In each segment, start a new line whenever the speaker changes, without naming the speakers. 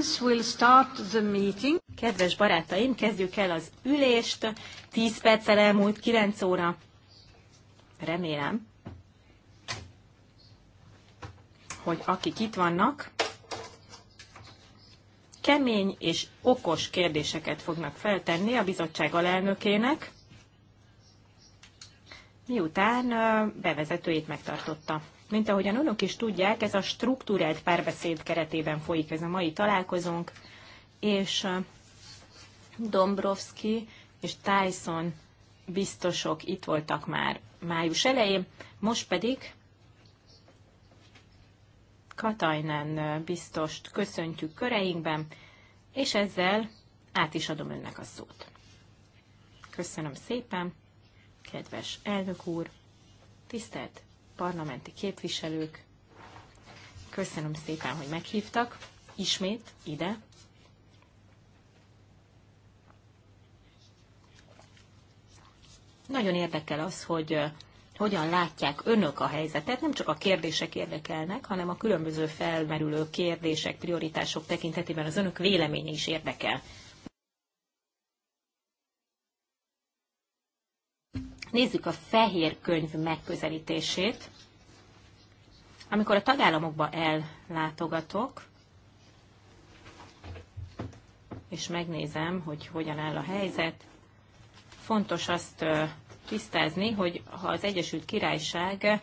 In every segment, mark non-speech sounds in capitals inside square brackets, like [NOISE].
Friends, we'll start the meeting. Kedves barátaim, kezdjük el az ülést. 10 perccel elmúlt 9 óra. Remélem, hogy akik itt vannak, kemény és okos kérdéseket fognak feltenni a bizottság alelnökének, miután bevezetőjét megtartotta. Mint ahogyan önök is tudják, ez a struktúrált párbeszéd keretében folyik ez a mai találkozónk, és Dombrovski és Tyson biztosok itt voltak már május elején, most pedig Katajnán biztost köszöntjük köreinkben, és ezzel át is adom önnek a szót. Köszönöm szépen, kedves elnök úr, tisztelt parlamenti képviselők, köszönöm szépen, hogy meghívtak ismét ide. Nagyon érdekel az, hogy hogyan látják önök a helyzetet, nem csak a kérdések érdekelnek, hanem a különböző felmerülő kérdések, prioritások tekintetében az önök véleménye is érdekel. Nézzük a fehér könyv megközelítését. Amikor a tagállamokba ellátogatok, és megnézem, hogy hogyan áll a helyzet, fontos azt tisztázni, hogy ha az Egyesült Királyság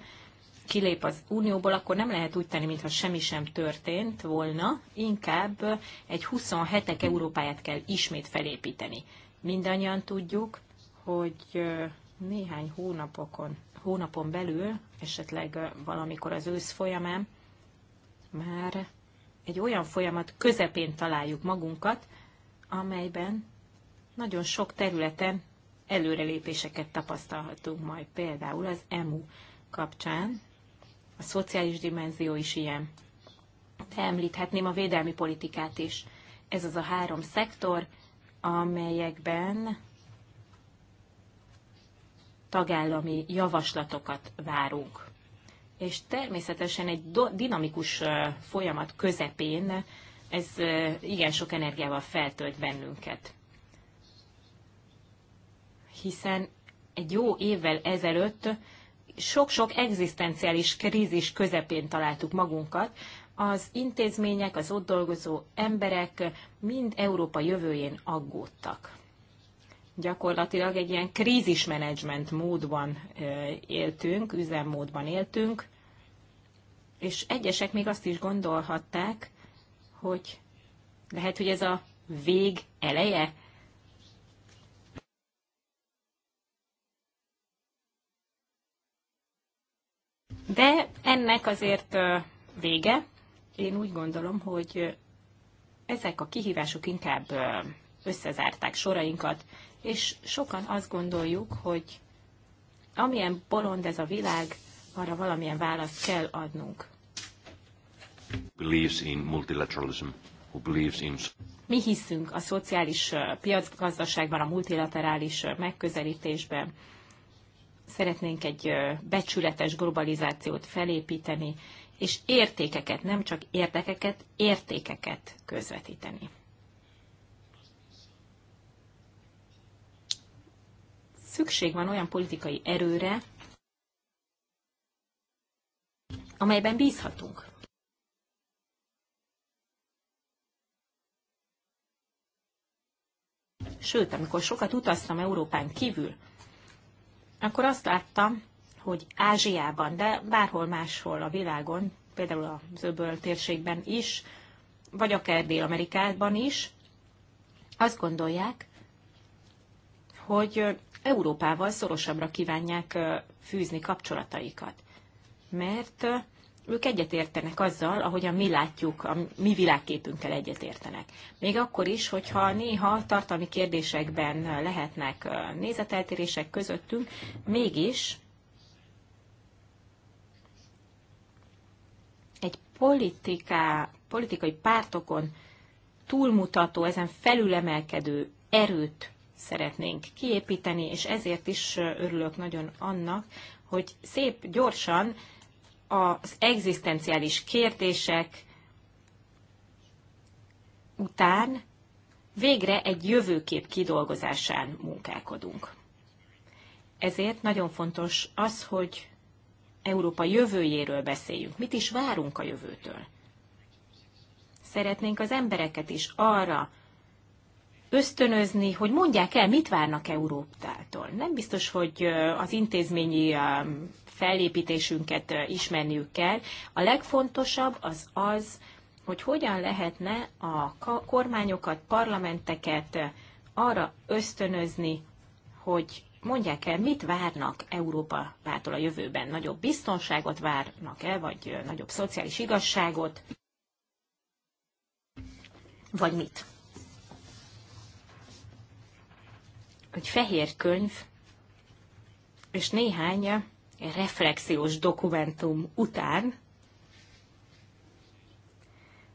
kilép az Unióból, akkor nem lehet úgy tenni, mintha semmi sem történt volna, inkább egy 27 Európáját kell ismét felépíteni. Mindannyian tudjuk, hogy néhány hónapokon, hónapon belül, esetleg valamikor az ősz folyamán, már egy olyan folyamat közepén találjuk magunkat, amelyben nagyon sok területen előrelépéseket tapasztalhatunk majd, például az EMU kapcsán. A szociális dimenzió is ilyen. De említhetném a védelmi politikát is. Ez az a három szektor, amelyekben tagállami javaslatokat várunk. És természetesen egy dinamikus folyamat közepén ez igen sok energiával feltölt bennünket. Hiszen egy jó évvel ezelőtt sok-sok egzisztenciális krízis közepén találtuk magunkat, az intézmények, az ott dolgozó emberek mind Európa jövőjén aggódtak gyakorlatilag egy ilyen krízismenedzsment módban éltünk, üzemmódban éltünk, és egyesek még azt is gondolhatták, hogy lehet, hogy ez a vég eleje, De ennek azért vége. Én úgy gondolom, hogy ezek a kihívások inkább összezárták sorainkat, és sokan azt gondoljuk, hogy amilyen bolond ez a világ, arra valamilyen választ kell adnunk.
Believes in multilateralism, who believes in...
Mi hiszünk a szociális piacgazdaságban, a multilaterális megközelítésben. Szeretnénk egy becsületes globalizációt felépíteni, és értékeket, nem csak érdekeket, értékeket közvetíteni. szükség van olyan politikai erőre, amelyben bízhatunk. Sőt, amikor sokat utaztam Európán kívül, akkor azt láttam, hogy Ázsiában, de bárhol máshol a világon, például a Zöböl térségben is, vagy akár Dél-Amerikában is, azt gondolják, hogy Európával szorosabbra kívánják fűzni kapcsolataikat. Mert ők egyetértenek azzal, ahogyan mi látjuk, a mi világképünkkel egyetértenek. Még akkor is, hogyha néha tartalmi kérdésekben lehetnek nézeteltérések közöttünk, mégis egy politiká, politikai pártokon túlmutató, ezen felülemelkedő erőt szeretnénk kiépíteni, és ezért is örülök nagyon annak, hogy szép gyorsan az egzisztenciális kérdések után végre egy jövőkép kidolgozásán munkálkodunk. Ezért nagyon fontos az, hogy Európa jövőjéről beszéljünk. Mit is várunk a jövőtől? Szeretnénk az embereket is arra ösztönözni, hogy mondják el, mit várnak Európától. Nem biztos, hogy az intézményi fellépítésünket ismerniük kell. A legfontosabb az az, hogy hogyan lehetne a kormányokat, parlamenteket arra ösztönözni, hogy mondják el, mit várnak Európa Európától a jövőben. Nagyobb biztonságot várnak el, vagy nagyobb szociális igazságot, vagy mit? egy fehér könyv és néhány reflexiós dokumentum után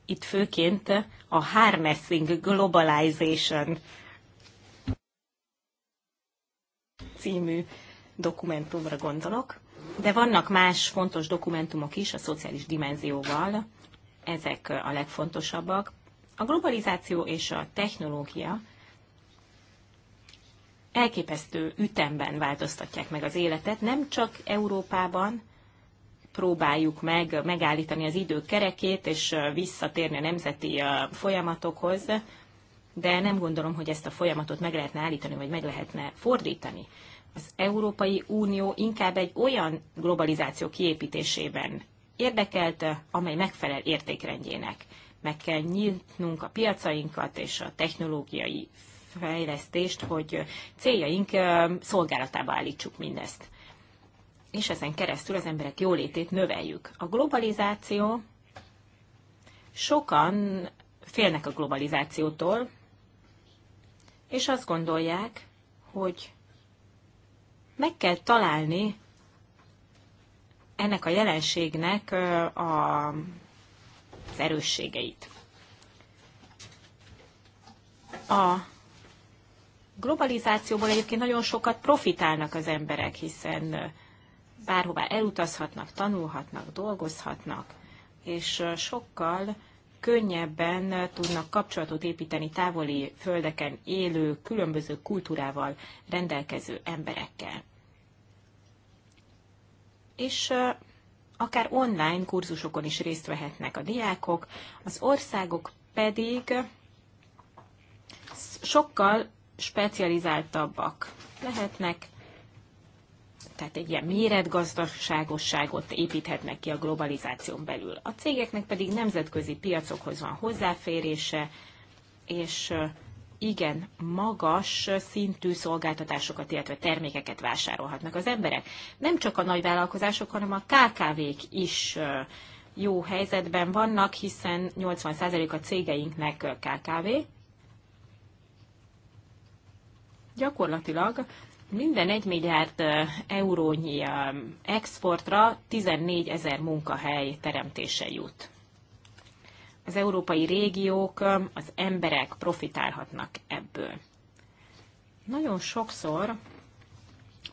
itt főként a Harnessing Globalization című dokumentumra gondolok, de vannak más fontos dokumentumok is a szociális dimenzióval, ezek a legfontosabbak. A globalizáció és a technológia elképesztő ütemben változtatják meg az életet, nem csak Európában próbáljuk meg megállítani az idő kerekét, és visszatérni a nemzeti folyamatokhoz, de nem gondolom, hogy ezt a folyamatot meg lehetne állítani, vagy meg lehetne fordítani. Az Európai Unió inkább egy olyan globalizáció kiépítésében érdekelt, amely megfelel értékrendjének. Meg kell nyitnunk a piacainkat és a technológiai fejlesztést, hogy céljaink szolgálatába állítsuk mindezt. És ezen keresztül az emberek jólétét növeljük. A globalizáció, sokan félnek a globalizációtól, és azt gondolják, hogy meg kell találni ennek a jelenségnek a, az erősségeit. A globalizációból egyébként nagyon sokat profitálnak az emberek, hiszen bárhová elutazhatnak, tanulhatnak, dolgozhatnak, és sokkal könnyebben tudnak kapcsolatot építeni távoli földeken élő, különböző kultúrával rendelkező emberekkel. És akár online kurzusokon is részt vehetnek a diákok, az országok pedig sokkal specializáltabbak lehetnek, tehát egy ilyen méretgazdaságosságot építhetnek ki a globalizáción belül. A cégeknek pedig nemzetközi piacokhoz van hozzáférése, és igen magas szintű szolgáltatásokat, illetve termékeket vásárolhatnak az emberek. Nem csak a nagyvállalkozások, hanem a KKV-k is jó helyzetben vannak, hiszen 80% a cégeinknek KKV, gyakorlatilag minden 1 milliárd eurónyi exportra 14 ezer munkahely teremtése jut. Az európai régiók, az emberek profitálhatnak ebből. Nagyon sokszor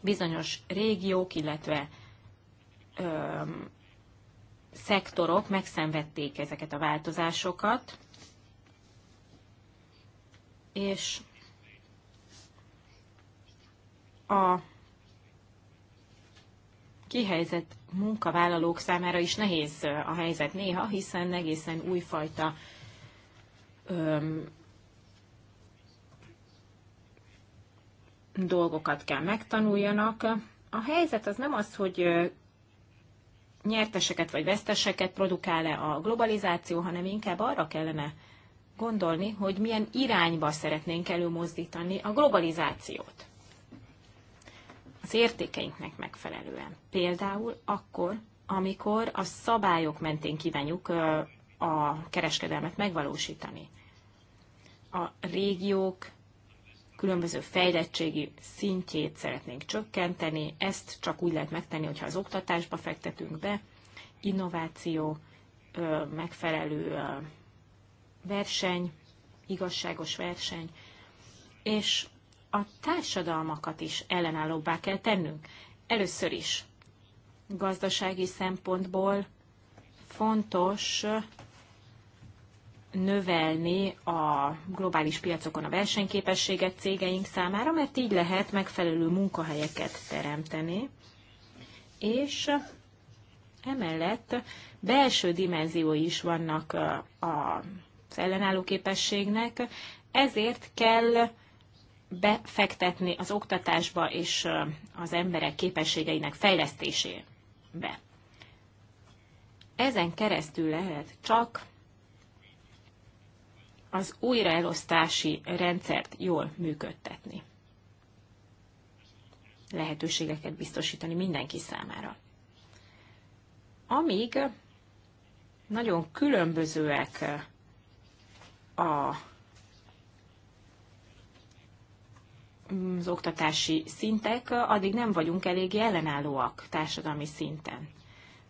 bizonyos régiók, illetve ö, szektorok megszenvedték ezeket a változásokat, és a kihelyzett munkavállalók számára is nehéz a helyzet néha, hiszen egészen újfajta öm, dolgokat kell megtanuljanak. A helyzet az nem az, hogy nyerteseket vagy veszteseket produkál-e a globalizáció, hanem inkább arra kellene gondolni, hogy milyen irányba szeretnénk előmozdítani a globalizációt az értékeinknek megfelelően. Például akkor, amikor a szabályok mentén kívánjuk a kereskedelmet megvalósítani. A régiók különböző fejlettségi szintjét szeretnénk csökkenteni, ezt csak úgy lehet megtenni, hogyha az oktatásba fektetünk be, innováció, megfelelő verseny, igazságos verseny, és a társadalmakat is ellenállóbbá kell tennünk. Először is gazdasági szempontból fontos növelni a globális piacokon a versenyképességet cégeink számára, mert így lehet megfelelő munkahelyeket teremteni, és emellett belső dimenziói is vannak az ellenálló képességnek, ezért kell befektetni az oktatásba és az emberek képességeinek fejlesztésébe. Ezen keresztül lehet csak az újraelosztási rendszert jól működtetni. Lehetőségeket biztosítani mindenki számára. Amíg nagyon különbözőek a az oktatási szintek, addig nem vagyunk eléggé ellenállóak társadalmi szinten.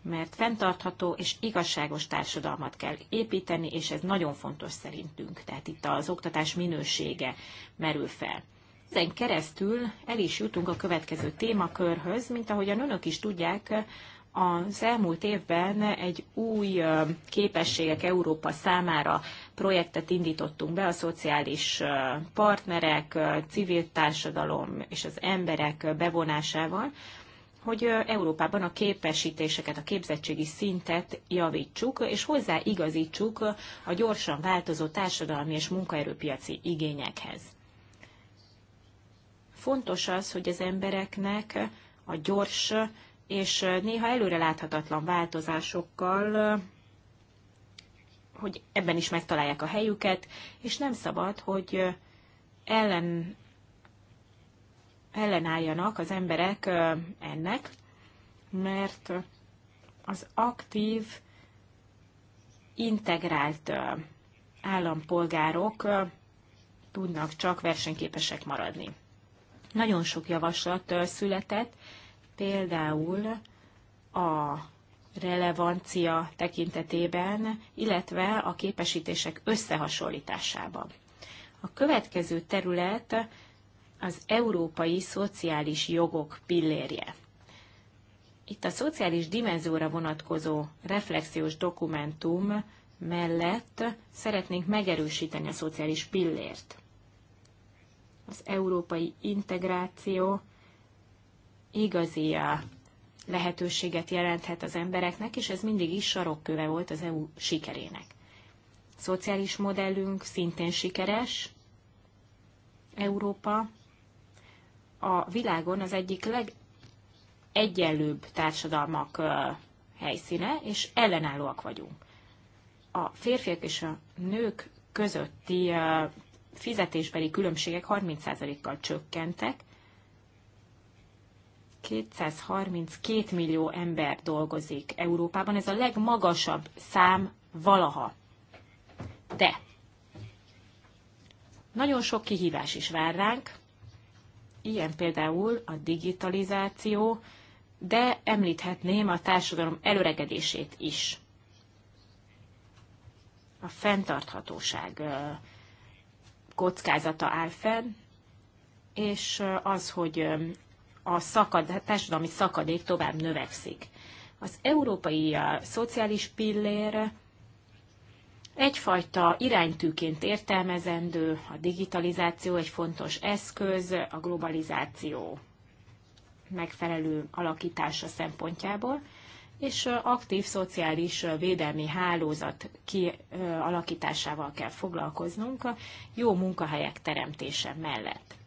Mert fenntartható és igazságos társadalmat kell építeni, és ez nagyon fontos szerintünk. Tehát itt az oktatás minősége merül fel. Ezen keresztül el is jutunk a következő témakörhöz, mint ahogyan önök is tudják, az elmúlt évben egy új képességek Európa számára projektet indítottunk be a szociális partnerek, civil társadalom és az emberek bevonásával, hogy Európában a képesítéseket, a képzettségi szintet javítsuk, és hozzáigazítsuk a gyorsan változó társadalmi és munkaerőpiaci igényekhez. Fontos az, hogy az embereknek a gyors és néha előre láthatatlan változásokkal, hogy ebben is megtalálják a helyüket, és nem szabad, hogy ellen, ellenálljanak az emberek ennek, mert az aktív, integrált állampolgárok tudnak csak versenyképesek maradni. Nagyon sok javaslat született, például a relevancia tekintetében, illetve a képesítések összehasonlításában. A következő terület az európai szociális jogok pillérje. Itt a szociális dimenzióra vonatkozó reflexiós dokumentum mellett szeretnénk megerősíteni a szociális pillért. Az európai integráció igazi lehetőséget jelenthet az embereknek, és ez mindig is sarokköve volt az EU sikerének. A szociális modellünk szintén sikeres, Európa a világon az egyik legegyenlőbb társadalmak helyszíne, és ellenállóak vagyunk. A férfiak és a nők közötti fizetésbeli különbségek 30%-kal csökkentek, 232 millió ember dolgozik Európában, ez a legmagasabb szám valaha. De nagyon sok kihívás is vár ránk, ilyen például a digitalizáció, de említhetném a társadalom előregedését is. A fenntarthatóság kockázata áll fenn, és az, hogy a szakad, a hát társadalmi szakadék tovább növekszik. Az európai uh, szociális pillér egyfajta iránytűként értelmezendő, a digitalizáció egy fontos eszköz a globalizáció megfelelő alakítása szempontjából, és uh, aktív szociális uh, védelmi hálózat kialakításával kell foglalkoznunk a jó munkahelyek teremtése mellett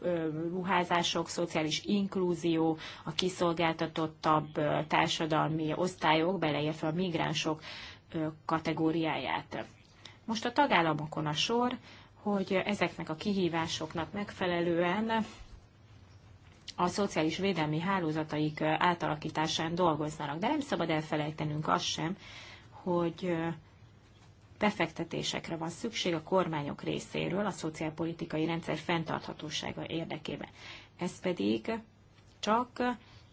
beruházások, szociális inklúzió, a kiszolgáltatottabb társadalmi osztályok, beleértve a migránsok kategóriáját. Most a tagállamokon a sor, hogy ezeknek a kihívásoknak megfelelően a szociális védelmi hálózataik átalakításán dolgoznak. De nem szabad elfelejtenünk azt sem, hogy befektetésekre van szükség a kormányok részéről a szociálpolitikai rendszer fenntarthatósága érdekében. Ez pedig csak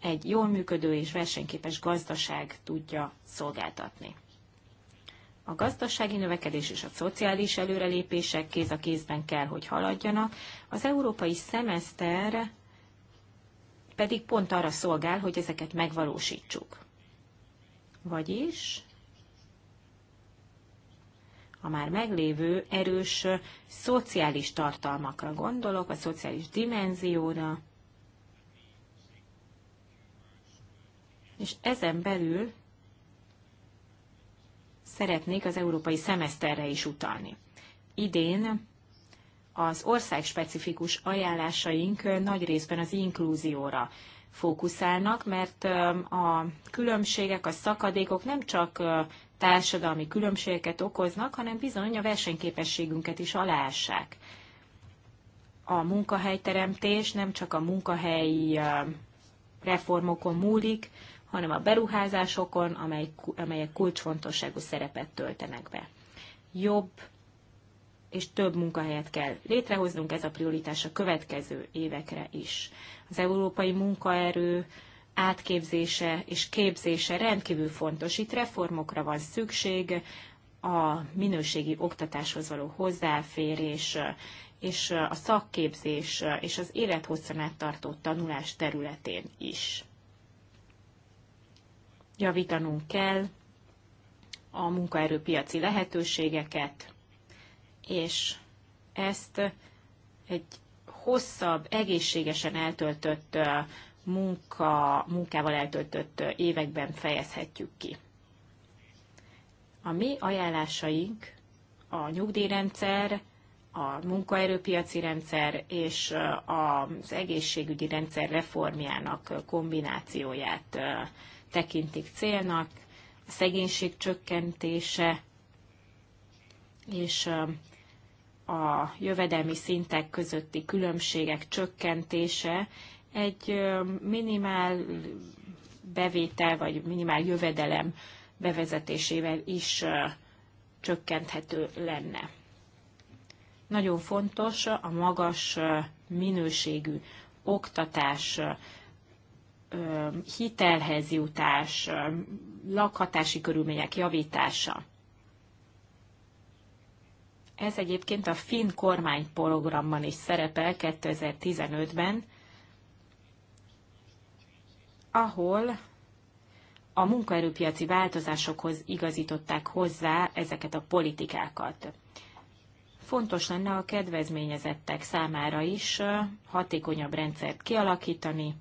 egy jól működő és versenyképes gazdaság tudja szolgáltatni. A gazdasági növekedés és a szociális előrelépések kéz a kézben kell, hogy haladjanak. Az európai szemeszter pedig pont arra szolgál, hogy ezeket megvalósítsuk. Vagyis a már meglévő erős szociális tartalmakra gondolok, a szociális dimenzióra, és ezen belül szeretnék az európai szemeszterre is utalni. Idén az ország specifikus ajánlásaink nagy részben az inklúzióra fókuszálnak, mert a különbségek, a szakadékok nem csak társadalmi különbségeket okoznak, hanem bizony a versenyképességünket is aláássák. A munkahelyteremtés nem csak a munkahelyi reformokon múlik, hanem a beruházásokon, amely, amelyek kulcsfontosságú szerepet töltenek be. Jobb és több munkahelyet kell létrehoznunk, ez a prioritás a következő évekre is. Az európai munkaerő átképzése és képzése rendkívül fontos. Itt reformokra van szükség, a minőségi oktatáshoz való hozzáférés és a szakképzés és az élethosszan tartó tanulás területén is. Javítanunk kell a munkaerőpiaci lehetőségeket, és ezt egy hosszabb, egészségesen eltöltött munka, munkával eltöltött években fejezhetjük ki. A mi ajánlásaink a nyugdíjrendszer, a munkaerőpiaci rendszer és az egészségügyi rendszer reformjának kombinációját tekintik célnak, a szegénység csökkentése és a jövedelmi szintek közötti különbségek csökkentése egy minimál bevétel vagy minimál jövedelem bevezetésével is csökkenthető lenne. Nagyon fontos a magas minőségű oktatás, hitelhez jutás, lakhatási körülmények javítása. Ez egyébként a finn kormányprogramban is szerepel 2015-ben, ahol a munkaerőpiaci változásokhoz igazították hozzá ezeket a politikákat. Fontos lenne a kedvezményezettek számára is hatékonyabb rendszert kialakítani,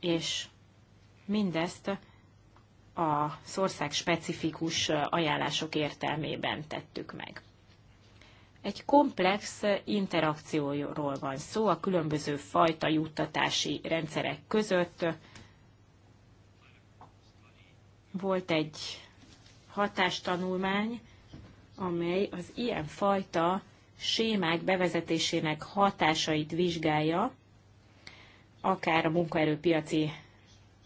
és mindezt a szország specifikus ajánlások értelmében tettük meg. Egy komplex interakcióról van szó a különböző fajta juttatási rendszerek között, volt egy hatástanulmány, amely az ilyen fajta sémák bevezetésének hatásait vizsgálja, akár a munkaerőpiaci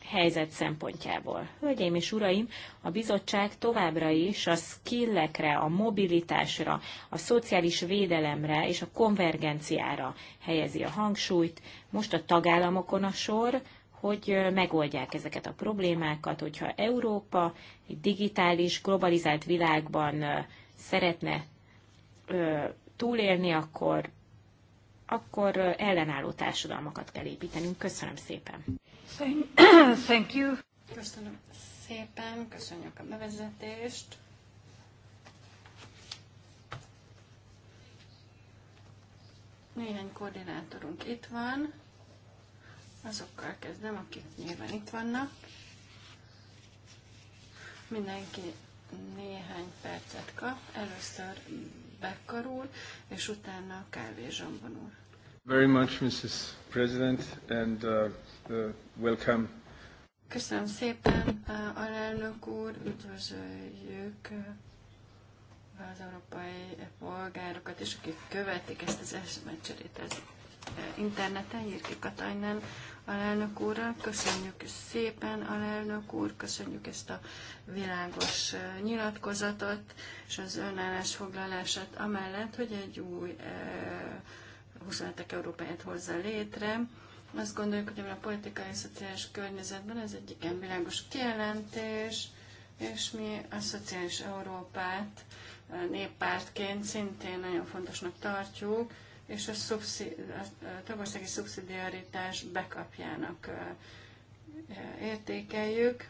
helyzet szempontjából. Hölgyeim és uraim, a bizottság továbbra is a skillekre, a mobilitásra, a szociális védelemre és a konvergenciára helyezi a hangsúlyt. Most a tagállamokon a sor, hogy megoldják ezeket a problémákat, hogyha Európa egy digitális, globalizált világban szeretne túlélni, akkor, akkor ellenálló társadalmakat kell építenünk. Köszönöm szépen!
[COUGHS] Thank you! Köszönöm szépen, köszönjük a bevezetést! Néhány koordinátorunk itt van azokkal kezdem, akik nyilván itt vannak. Mindenki néhány percet kap, először bekarul, és utána a kávézsomban úr.
Very much, Mrs. President, and uh, uh, welcome.
Köszönöm szépen, uh, alelnök úr, üdvözöljük uh, az európai polgárokat, és akik követik ezt az eszmecserét, ez interneten, Jirki Katajnán alelnök úrral. Köszönjük szépen, alelnök úr, köszönjük ezt a világos nyilatkozatot és az önállás foglalását amellett, hogy egy új 25. Európáját hozza létre. Azt gondoljuk, hogy a politikai és szociális környezetben ez egy igen világos kijelentés, és mi a szociális Európát néppártként szintén nagyon fontosnak tartjuk, és a, a tagországi szubszidiaritás bekapjának értékeljük.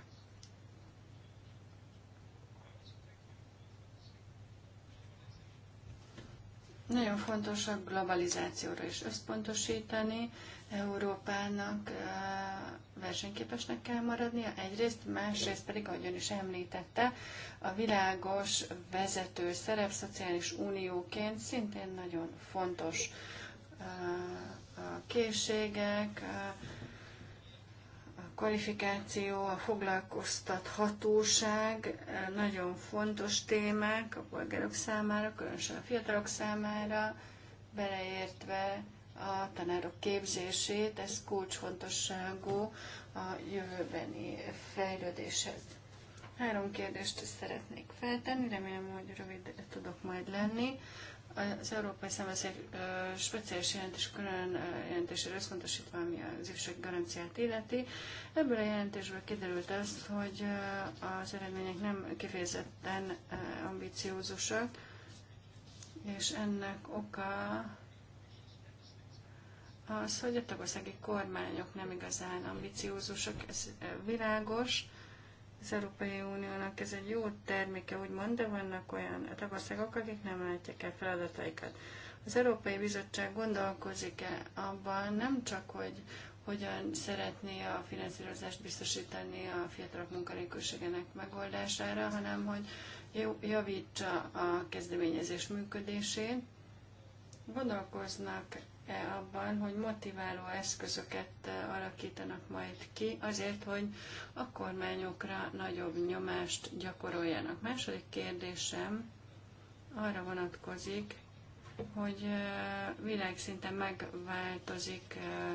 Nagyon fontos a globalizációra is összpontosítani Európának versenyképesnek kell maradnia, egyrészt, másrészt pedig, ahogy ön is említette, a világos vezető szerep szociális unióként szintén nagyon fontos a készségek, a kvalifikáció, a foglalkoztathatóság nagyon fontos témák a polgárok számára, különösen a fiatalok számára, beleértve a tanárok képzését, ez kulcsfontosságú a jövőbeni fejlődéshez. Három kérdést szeretnék feltenni, remélem, hogy rövid tudok majd lenni. Az Európai egy speciális jelentés külön jelentésre összpontosítva, ami az ifjúság garanciát illeti. Ebből a jelentésből kiderült az, hogy az eredmények nem kifejezetten ambiciózusak, és ennek oka az, hogy a tagországi kormányok nem igazán ambiciózusok, ez eh, világos. Az Európai Uniónak ez egy jó terméke, úgymond, de vannak olyan tagországok, akik nem látják el feladataikat. Az Európai Bizottság gondolkozik-e abban nem csak, hogy hogyan szeretné a finanszírozást biztosítani a fiatalok munkanélküliségének megoldására, hanem hogy javítsa a kezdeményezés működését. Gondolkoznak -e abban, hogy motiváló eszközöket e, alakítanak majd ki, azért, hogy a kormányokra nagyobb nyomást gyakoroljanak. Második kérdésem arra vonatkozik, hogy e, világszinten megváltozik e,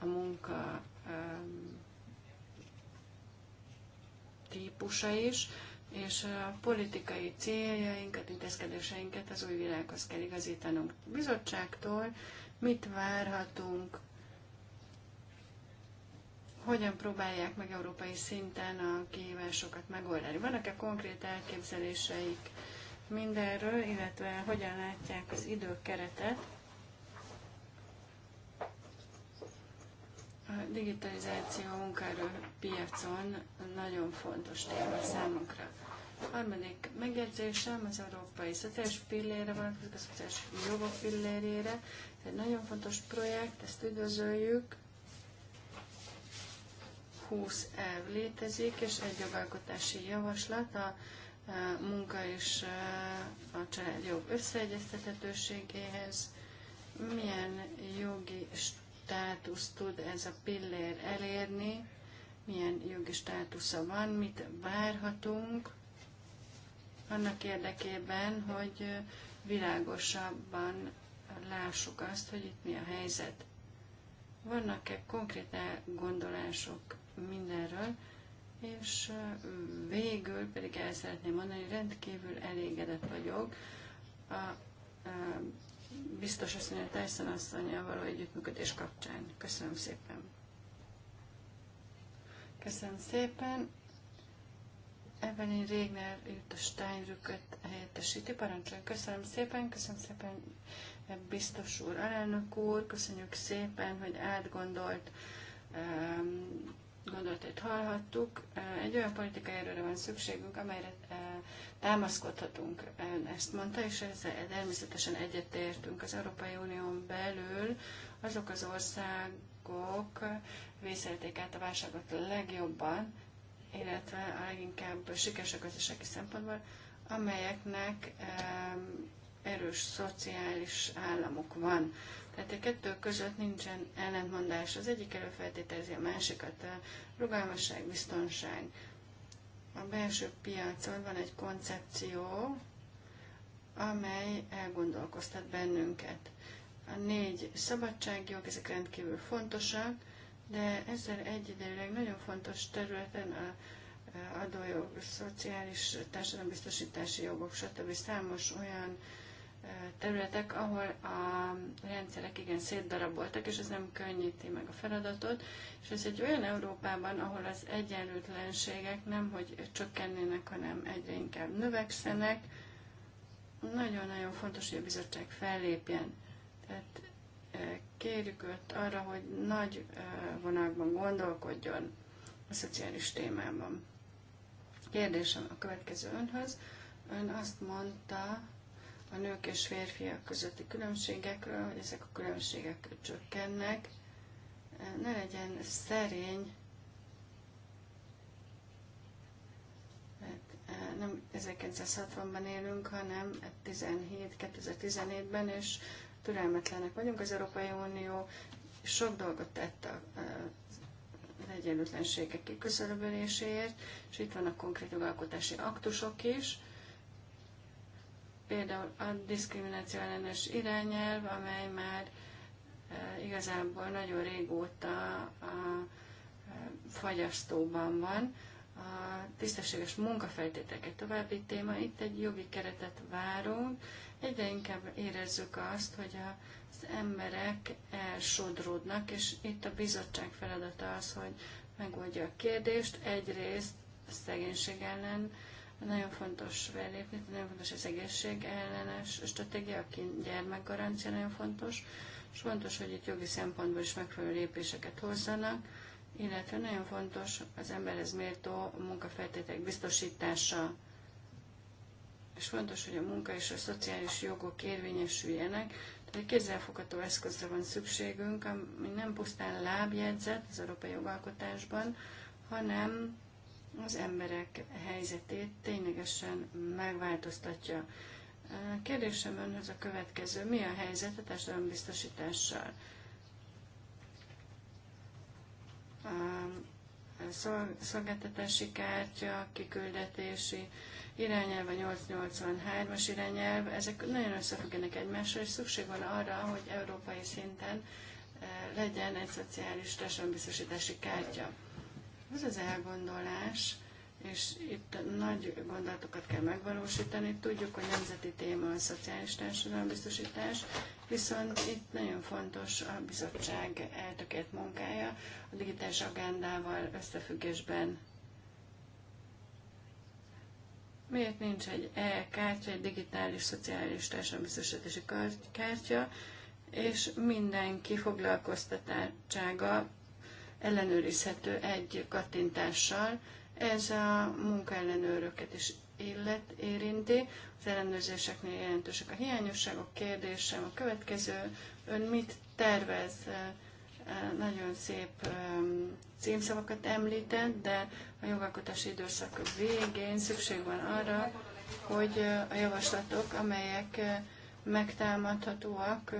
a munka típusa is és a politikai céljainkat, intézkedéseinket az új világhoz kell igazítanunk. bizottságtól mit várhatunk, hogyan próbálják meg európai szinten a kihívásokat megoldani. Vannak-e konkrét elképzeléseik mindenről, illetve hogyan látják az időkeretet, A digitalizáció a piacon nagyon fontos téma számunkra. A harmadik megjegyzésem az európai szociális pillére van, a szociális jogok pillérére. Ez egy nagyon fontos projekt, ezt üdvözöljük. 20 elv létezik, és egy jogalkotási javaslat a e, munka és e, a jog összeegyeztethetőségéhez. Milyen jogi státuszt tud ez a pillér elérni, milyen jogi státusza van, mit várhatunk annak érdekében, hogy világosabban lássuk azt, hogy itt mi a helyzet. Vannak-e konkrét elgondolások mindenről, és végül pedig el szeretném mondani, hogy rendkívül elégedett vagyok a biztos asszony, a Tyson asszonyjal való együttműködés kapcsán. Köszönöm szépen. Köszönöm szépen. Evelyn Régner írt a Steinrücköt helyettesíti parancsolja. Köszönöm szépen, köszönöm szépen biztos úr, alelnök úr, köszönjük szépen, hogy átgondolt um, gondolatét hallhattuk. Egy olyan politikai erőre van szükségünk, amelyre támaszkodhatunk. Ezt mondta, és ezzel természetesen egyetértünk. Az Európai Unión belül azok az országok vészelték át a válságot legjobban, illetve a leginkább a gazdasági szempontból, amelyeknek erős szociális államuk van. Tehát a kettő között nincsen ellentmondás. Az egyik előfeltételezi a másikat, a rugalmasság, biztonság. A belső piacon van egy koncepció, amely elgondolkoztat bennünket. A négy szabadságjog, ezek rendkívül fontosak, de ezzel egyidejűleg nagyon fontos területen a adójog, szociális, társadalombiztosítási jogok, stb. számos olyan területek, ahol a rendszerek igen szétdaraboltak, és ez nem könnyíti meg a feladatot, és ez egy olyan Európában, ahol az egyenlőtlenségek nem, hogy csökkennének, hanem egyre inkább növekszenek, nagyon-nagyon fontos, hogy a bizottság fellépjen. Tehát kérjük őt arra, hogy nagy vonalakban gondolkodjon a szociális témában. Kérdésem a következő önhöz. Ön azt mondta, a nők és férfiak közötti különbségekről, hogy ezek a különbségek csökkennek. Ne legyen szerény, eh, nem 1960-ban élünk, hanem 17, eh, 2017-ben, és türelmetlenek vagyunk. Az Európai Unió sok dolgot tett a eh, az egyenlőtlenségek kiküszöböléséért, és itt vannak konkrét jogalkotási aktusok is, Például a diszkrimináció ellenes irányelv, amely már e, igazából nagyon régóta a e, fagyasztóban van. A tisztességes munkafeltételeket további téma. Itt egy jogi keretet várunk. Egyre inkább érezzük azt, hogy az emberek elsodródnak, és itt a bizottság feladata az, hogy megoldja a kérdést. Egyrészt a szegénység ellen nagyon fontos fellépni, nagyon fontos az egészség ellenes stratégia, aki gyermekgarancia nagyon fontos, és fontos, hogy itt jogi szempontból is megfelelő lépéseket hozzanak, illetve nagyon fontos az emberhez méltó munkafeltétek biztosítása, és fontos, hogy a munka és a szociális jogok érvényesüljenek, egy kézzelfogható eszközre van szükségünk, ami nem pusztán lábjegyzet az európai jogalkotásban, hanem az emberek helyzetét ténylegesen megváltoztatja. Kérdésem önhöz a következő. Mi a helyzet a társadalombiztosítással? szolgáltatási kártya, kiküldetési irányelv, a 883-as irányelv, ezek nagyon összefüggenek egymással, és szükség van arra, hogy európai szinten eh, legyen egy szociális társadalombiztosítási kártya. Ez az elgondolás, és itt nagy gondolatokat kell megvalósítani. Tudjuk, hogy nemzeti téma a szociális társadalombiztosítás, viszont itt nagyon fontos a bizottság eltökélt munkája a digitális agendával összefüggésben. Miért nincs egy e-kártya, egy digitális szociális társadalombiztosítási kártya, és mindenki foglalkoztatásága ellenőrizhető egy kattintással. Ez a munkaellenőröket is illet, érinti. Az ellenőrzéseknél jelentősek a hiányosságok. Kérdésem a következő. Ön mit tervez? Nagyon szép címszavakat említett, de a jogalkotási időszak végén szükség van arra, hogy a javaslatok, amelyek megtámadhatóak,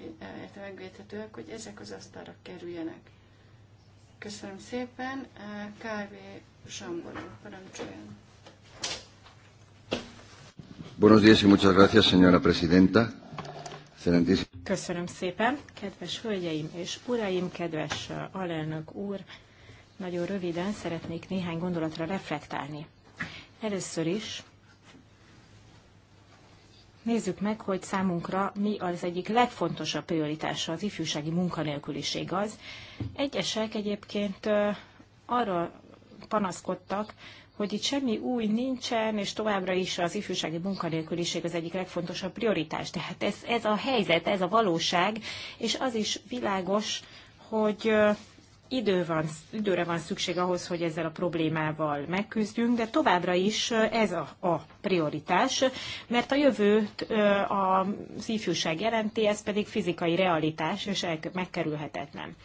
illetve megvédhetőek, hogy ezek az asztalra kerüljenek. Köszönöm szépen. Eh, Kávé Zsangoló, parancsoljon. Buenos días y muchas gracias, señora presidenta.
Köszönöm szépen, kedves hölgyeim és uraim, kedves eh, alelnök úr. Nagyon röviden szeretnék néhány gondolatra reflektálni. Először is nézzük meg, hogy számunkra mi az egyik legfontosabb prioritása az ifjúsági munkanélküliség az. Egyesek egyébként arra panaszkodtak, hogy itt semmi új nincsen, és továbbra is az ifjúsági munkanélküliség az egyik legfontosabb prioritás. Tehát ez, ez a helyzet, ez a valóság, és az is világos, hogy idő van, időre van szükség ahhoz, hogy ezzel a problémával megküzdjünk, de továbbra is ez a, a prioritás, mert a jövőt a ifjúság jelenti, ez pedig fizikai realitás, és megkerülhetetlen.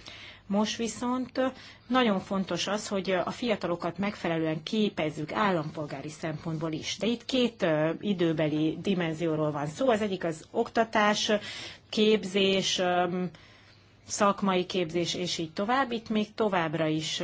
Most viszont nagyon fontos az, hogy a fiatalokat megfelelően képezzük állampolgári szempontból is. De itt két időbeli dimenzióról van szó. Az egyik az oktatás, képzés, szakmai képzés, és így tovább. Itt még továbbra is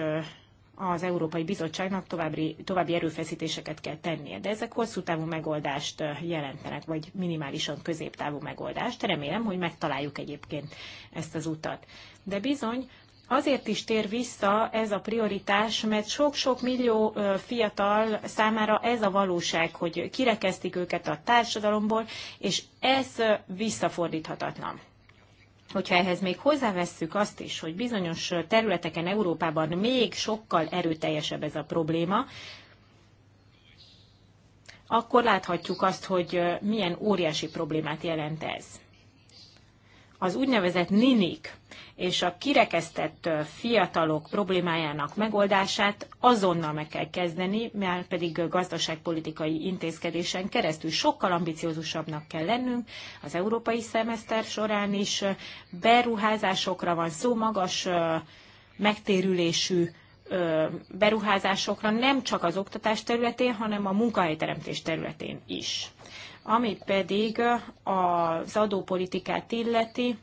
az Európai Bizottságnak további, további erőfeszítéseket kell tennie, de ezek hosszú távú megoldást jelentenek, vagy minimálisan középtávú megoldást. Remélem, hogy megtaláljuk egyébként ezt az utat. De bizony, Azért is tér vissza ez a prioritás, mert sok-sok millió fiatal számára ez a valóság, hogy kirekeztik őket a társadalomból, és ez visszafordíthatatlan. Hogyha ehhez még hozzávesszük azt is, hogy bizonyos területeken Európában még sokkal erőteljesebb ez a probléma, akkor láthatjuk azt, hogy milyen óriási problémát jelent ez. Az úgynevezett ninik és a kirekesztett fiatalok problémájának megoldását azonnal meg kell kezdeni, mert pedig gazdaságpolitikai intézkedésen keresztül sokkal ambiciózusabbnak kell lennünk. Az európai szemeszter során is beruházásokra van szó, magas megtérülésű beruházásokra nem csak az oktatás területén, hanem a munkahelyteremtés területén is. Ami pedig az adópolitikát illeti,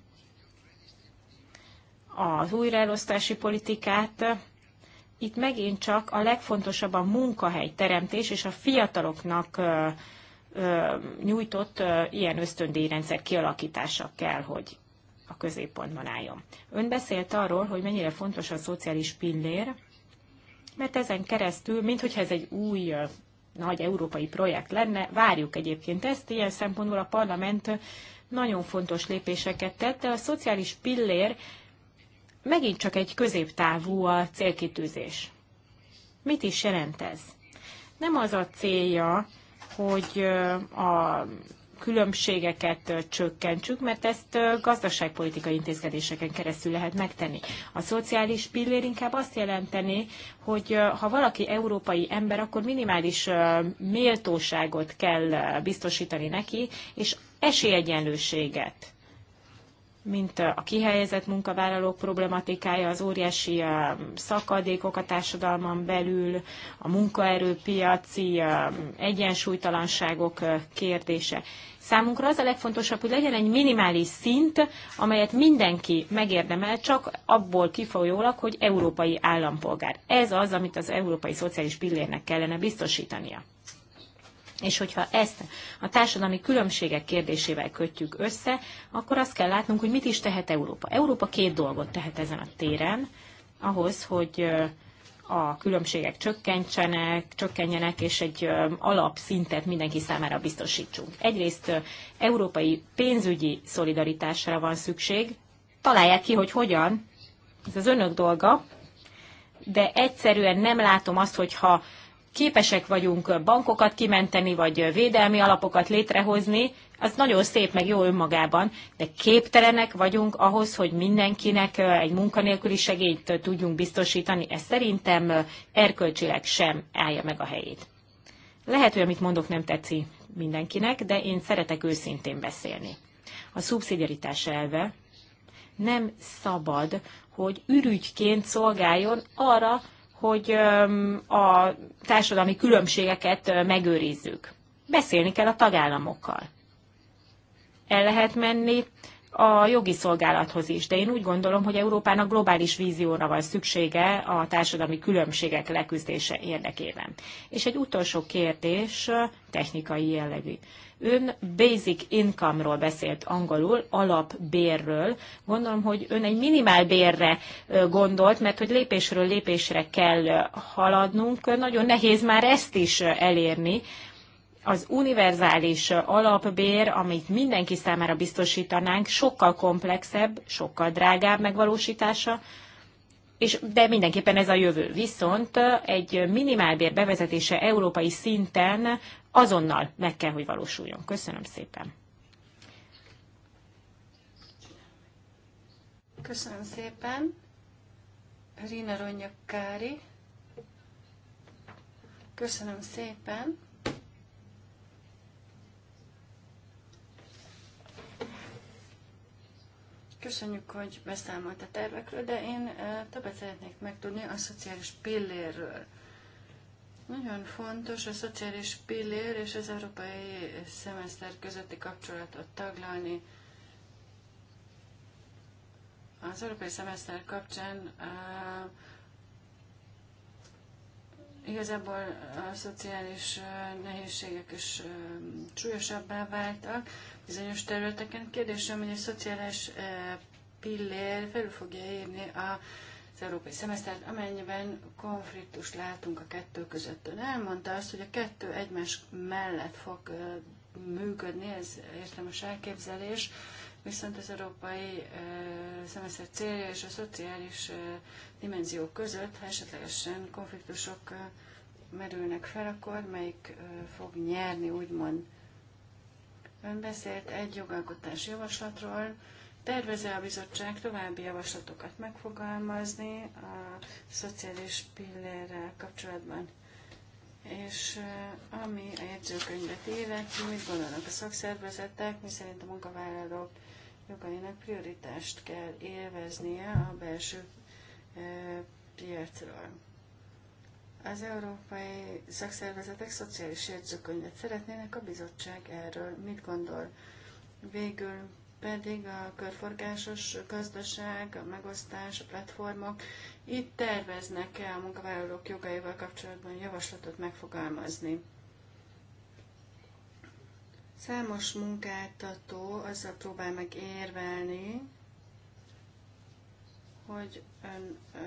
az újraelosztási politikát, itt megint csak a legfontosabb a munkahely teremtés és a fiataloknak nyújtott ilyen ösztöndíjrendszer kialakítása kell, hogy a középpontban álljon. Ön beszélt arról, hogy mennyire fontos a szociális pillér, mert ezen keresztül, minthogyha ez egy új nagy európai projekt lenne, várjuk egyébként ezt, ilyen szempontból a parlament nagyon fontos lépéseket tett, de a szociális pillér megint csak egy középtávú a célkitűzés. Mit is jelent ez? Nem az a célja, hogy a különbségeket csökkentsük, mert ezt gazdaságpolitikai intézkedéseken keresztül lehet megtenni. A szociális pillér inkább azt jelenteni, hogy ha valaki európai ember, akkor minimális méltóságot kell biztosítani neki, és esélyegyenlőséget mint a kihelyezett munkavállalók problematikája, az óriási szakadékok a társadalman belül, a munkaerőpiaci egyensúlytalanságok kérdése. Számunkra az a legfontosabb, hogy legyen egy minimális szint, amelyet mindenki megérdemel, csak abból kifolyólag, hogy európai állampolgár. Ez az, amit az európai szociális pillérnek kellene biztosítania. És hogyha ezt a társadalmi különbségek kérdésével kötjük össze, akkor azt kell látnunk, hogy mit is tehet Európa. Európa két dolgot tehet ezen a téren, ahhoz, hogy a különbségek csökkentsenek, csökkenjenek, és egy alapszintet mindenki számára biztosítsunk. Egyrészt európai pénzügyi szolidaritásra van szükség. Találják ki, hogy hogyan. Ez az önök dolga, de egyszerűen nem látom azt, hogyha képesek vagyunk bankokat kimenteni, vagy védelmi alapokat létrehozni, az nagyon szép, meg jó önmagában, de képtelenek vagyunk ahhoz, hogy mindenkinek egy munkanélküli segélyt tudjunk biztosítani. Ez szerintem erkölcsileg sem állja meg a helyét. Lehet, hogy amit mondok nem tetszi mindenkinek, de én szeretek őszintén beszélni. A szubszidiaritás elve nem szabad, hogy ürügyként szolgáljon arra, hogy a társadalmi különbségeket megőrizzük. Beszélni kell a tagállamokkal. El lehet menni a jogi szolgálathoz is, de én úgy gondolom, hogy Európának globális vízióra van szüksége a társadalmi különbségek leküzdése érdekében. És egy utolsó kérdés, technikai jellegű. Ön basic income-ról beszélt angolul, alapbérről. Gondolom, hogy ön egy minimálbérre gondolt, mert hogy lépésről lépésre kell haladnunk. Nagyon nehéz már ezt is elérni, az univerzális alapbér, amit mindenki számára biztosítanánk, sokkal komplexebb, sokkal drágább megvalósítása, és, de mindenképpen ez a jövő. Viszont egy minimálbér bevezetése európai szinten azonnal meg kell, hogy valósuljon. Köszönöm szépen.
Köszönöm szépen. Rina Ronyak Kári. Köszönöm szépen. Köszönjük, hogy beszámolt a tervekről, de én többet szeretnék megtudni a szociális pillérről. Nagyon fontos a szociális pillér és az európai szemeszter közötti kapcsolatot taglalni. Az európai szemeszter kapcsán Igazából a szociális nehézségek is súlyosabbá váltak bizonyos területeken. Kérdésem, hogy a szociális pillér felül fogja érni a az európai szemesztert, amennyiben konfliktust látunk a kettő között. Ön elmondta azt, hogy a kettő egymás mellett fog működni, ez értelmes elképzelés viszont az európai szemeszter célja és a szociális dimenzió között, ha esetlegesen konfliktusok merülnek fel, akkor melyik fog nyerni, úgymond. Ön beszélt egy jogalkotási javaslatról, tervezze a bizottság további javaslatokat megfogalmazni a szociális pillérrel kapcsolatban. És ami a jegyzőkönyvet illeti, mit gondolnak a szakszervezetek, mi szerint a munkavállalók jogainak prioritást kell élveznie a belső e, piacról. Az európai szakszervezetek szociális jegyzőkönyvet szeretnének, a bizottság erről mit gondol? Végül pedig a körforgásos gazdaság, a megosztás, a platformok. Itt terveznek-e a munkavállalók jogaival kapcsolatban javaslatot megfogalmazni? Számos munkáltató azzal próbál meg érvelni, hogy ön ö,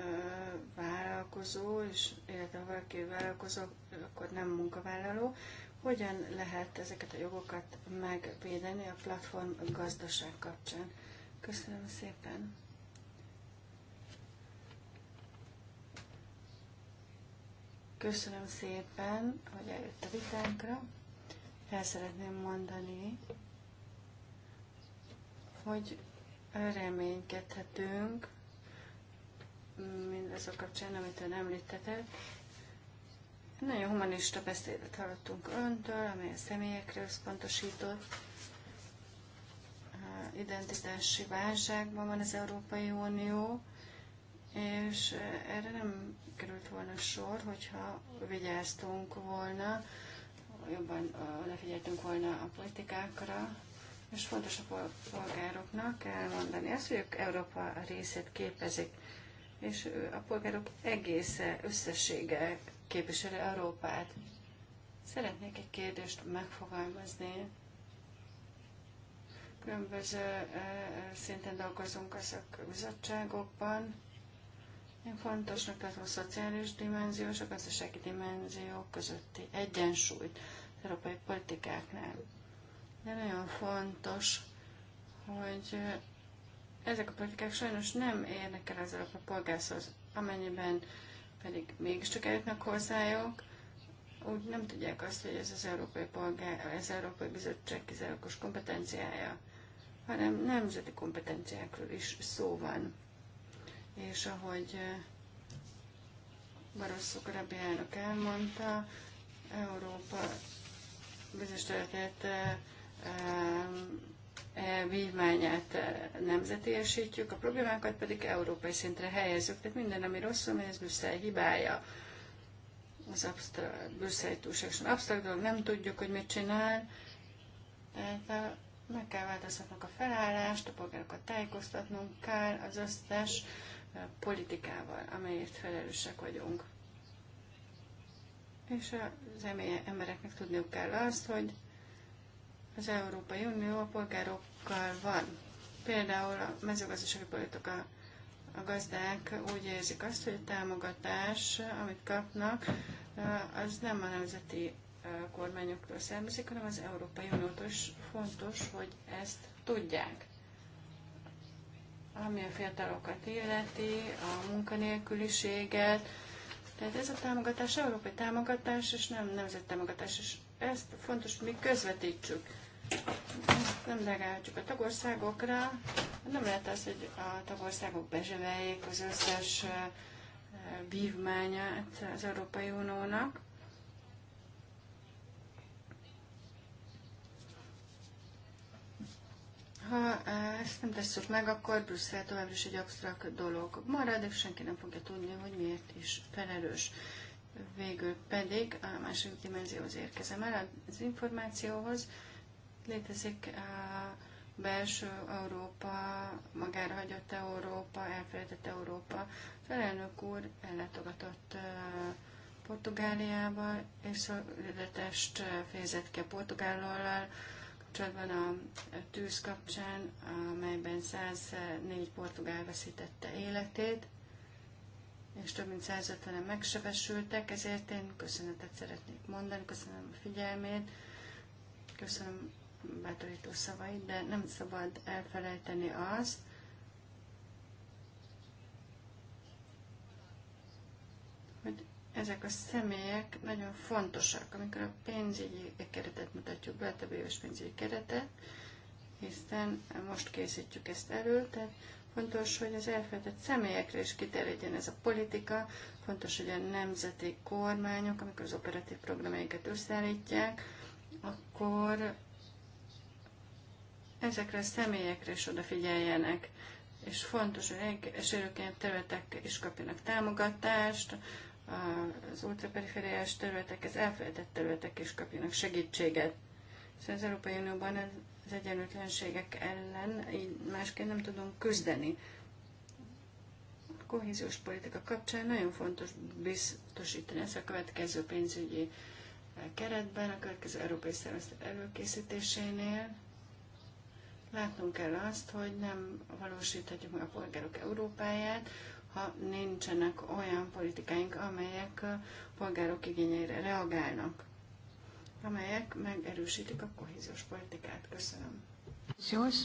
vállalkozó, és illetve ha valaki vállalkozó, akkor nem munkavállaló, hogyan lehet ezeket a jogokat megvédeni a platform gazdaság kapcsán. Köszönöm szépen! Köszönöm szépen, hogy eljött a vitánkra el szeretném mondani, hogy reménykedhetünk mindazok kapcsán, amit ön említetett. Nagyon humanista beszédet hallottunk öntől, amely a személyekre összpontosított. Identitási válságban van az Európai Unió, és erre nem került volna sor, hogyha vigyáztunk volna jobban odafigyeltünk volna a politikákra, és fontos a polgároknak elmondani azt, hogy ők Európa részét képezik, és a polgárok egésze, összessége képviseli Európát. Szeretnék egy kérdést megfogalmazni. Különböző szinten dolgozunk a bizottságokban, én fontosnak tartom a szociális dimenzió és a gazdasági dimenzió közötti egyensúlyt az európai politikáknál. De nagyon fontos, hogy ezek a politikák sajnos nem érnek el az a polgászhoz, amennyiben pedig mégiscsak eljutnak hozzájuk, úgy nem tudják azt, hogy ez az Európai, Polgár, ez az Európai Bizottság kizárólagos kompetenciája, hanem nemzeti kompetenciákról is szó van és ahogy eh, Barosszú korábbi elnök elmondta, Európa bizonyos területét eh, eh, vívmányát nemzetiesítjük, a problémákat pedig európai szintre helyezzük. Tehát minden, ami rosszul megy, ez Brüsszel hibája. Az brüsszeli túlságosan absztrakt dolog, nem tudjuk, hogy mit csinál. Tehát meg kell változtatnunk a felállást, a polgárokat tájékoztatnunk kell, az összes politikával, amelyért felelősek vagyunk. És az embereknek tudniuk kell azt, hogy az Európai Unió a polgárokkal van. Például a mezőgazdasági politika a gazdák úgy érzik azt, hogy a támogatás, amit kapnak, az nem a nemzeti kormányoktól származik, hanem az Európai Uniótól is fontos, hogy ezt tudják ami a fiatalokat illeti, a munkanélküliséget. Tehát ez a támogatás európai támogatás, és nem nemzet támogatás, és ezt fontos, hogy mi közvetítsük. Ezt nem delegálhatjuk a tagországokra, nem lehet az, hogy a tagországok bezseveljék az összes eh, vívmányát az Európai Uniónak. Ha ezt nem tesszük meg, akkor Brüsszel továbbra is egy absztrakt dolog marad, és senki nem fogja tudni, hogy miért is felelős. Végül pedig a második dimenzióhoz érkezem el, az információhoz. Létezik a belső Európa, magára hagyott Európa, elfelejtett Európa. Az elnök úr ellátogatott Portugáliába, és szolidatást fejezett ki a portugállal, kapcsolatban a tűz kapcsán, amelyben 104 portugál veszítette életét, és több mint 150-en megsebesültek, ezért én köszönetet szeretnék mondani, köszönöm a figyelmét, köszönöm bátorító szavait, de nem szabad elfelejteni azt, ezek a személyek nagyon fontosak, amikor a pénzügyi keretet mutatjuk be, a több éves pénzügyi keretet, hiszen most készítjük ezt elő, tehát fontos, hogy az elfeltett személyekre is kiterjedjen ez a politika, fontos, hogy a nemzeti kormányok, amikor az operatív programjaikat összeállítják, akkor ezekre a személyekre is odafigyeljenek, és fontos, hogy sérülékeny területek is kapjanak támogatást, az ultraperifériás területek, az elfeledett területek is kapjanak segítséget. Szóval az Európai Unióban az egyenlőtlenségek ellen így másként nem tudunk küzdeni. A kohéziós politika kapcsán nagyon fontos biztosítani ezt a következő pénzügyi keretben, a következő európai szervezet előkészítésénél. Látnunk kell azt, hogy nem valósíthatjuk meg a polgárok Európáját, ha nincsenek olyan politikáink, amelyek a polgárok igényeire reagálnak, amelyek megerősítik a kohéziós politikát. Köszönöm.
Jós.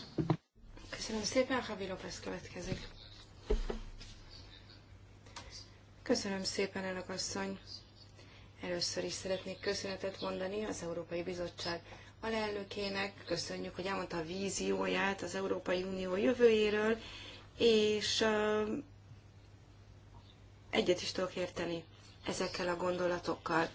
Köszönöm szépen, Javi López következik. Köszönöm szépen, elnök asszony. Először is szeretnék köszönetet mondani az Európai Bizottság alelnökének. Köszönjük, hogy elmondta a vízióját az Európai Unió jövőjéről, és egyet is tudok érteni ezekkel a gondolatokkal.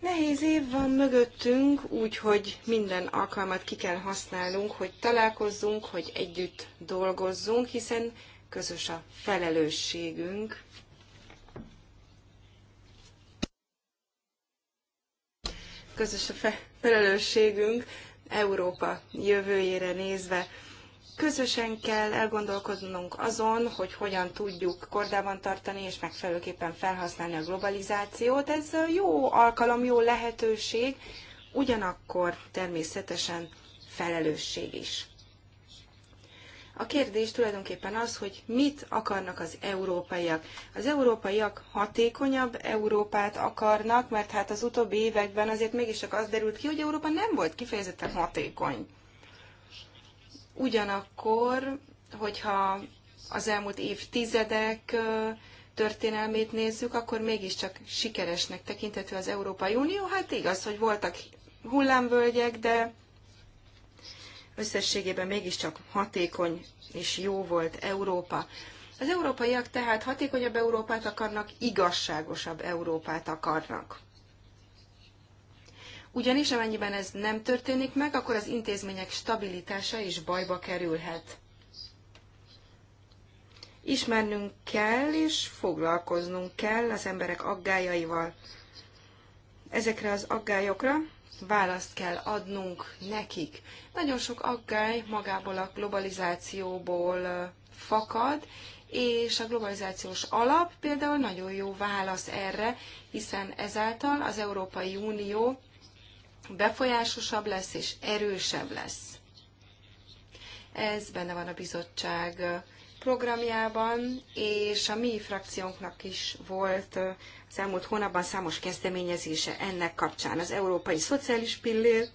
Nehéz év van mögöttünk, úgyhogy minden alkalmat ki kell használnunk, hogy találkozzunk, hogy együtt dolgozzunk, hiszen közös a felelősségünk. Közös a felelősségünk Európa jövőjére nézve. Közösen kell elgondolkodnunk azon, hogy hogyan tudjuk kordában tartani és megfelelőképpen felhasználni a globalizációt. Ez jó alkalom, jó lehetőség, ugyanakkor természetesen felelősség is. A kérdés tulajdonképpen az, hogy mit akarnak az európaiak. Az európaiak hatékonyabb Európát akarnak, mert hát az utóbbi években azért mégiscsak az derült ki, hogy Európa nem volt kifejezetten hatékony. Ugyanakkor, hogyha az elmúlt évtizedek történelmét nézzük, akkor mégiscsak sikeresnek tekinthető az Európai Unió. Hát igaz, hogy voltak hullámvölgyek, de összességében mégiscsak hatékony és jó volt Európa. Az európaiak tehát hatékonyabb Európát akarnak, igazságosabb Európát akarnak. Ugyanis amennyiben ez nem történik meg, akkor az intézmények stabilitása is bajba kerülhet. Ismernünk kell és foglalkoznunk kell az emberek aggájaival. Ezekre az aggályokra választ kell adnunk nekik. Nagyon sok aggály magából a globalizációból fakad, és a globalizációs alap például nagyon jó válasz erre, hiszen ezáltal az Európai Unió befolyásosabb lesz és erősebb lesz. Ez benne van a bizottság programjában, és a mi frakciónknak is volt az elmúlt hónapban számos kezdeményezése ennek kapcsán. Az Európai Szociális Pillér,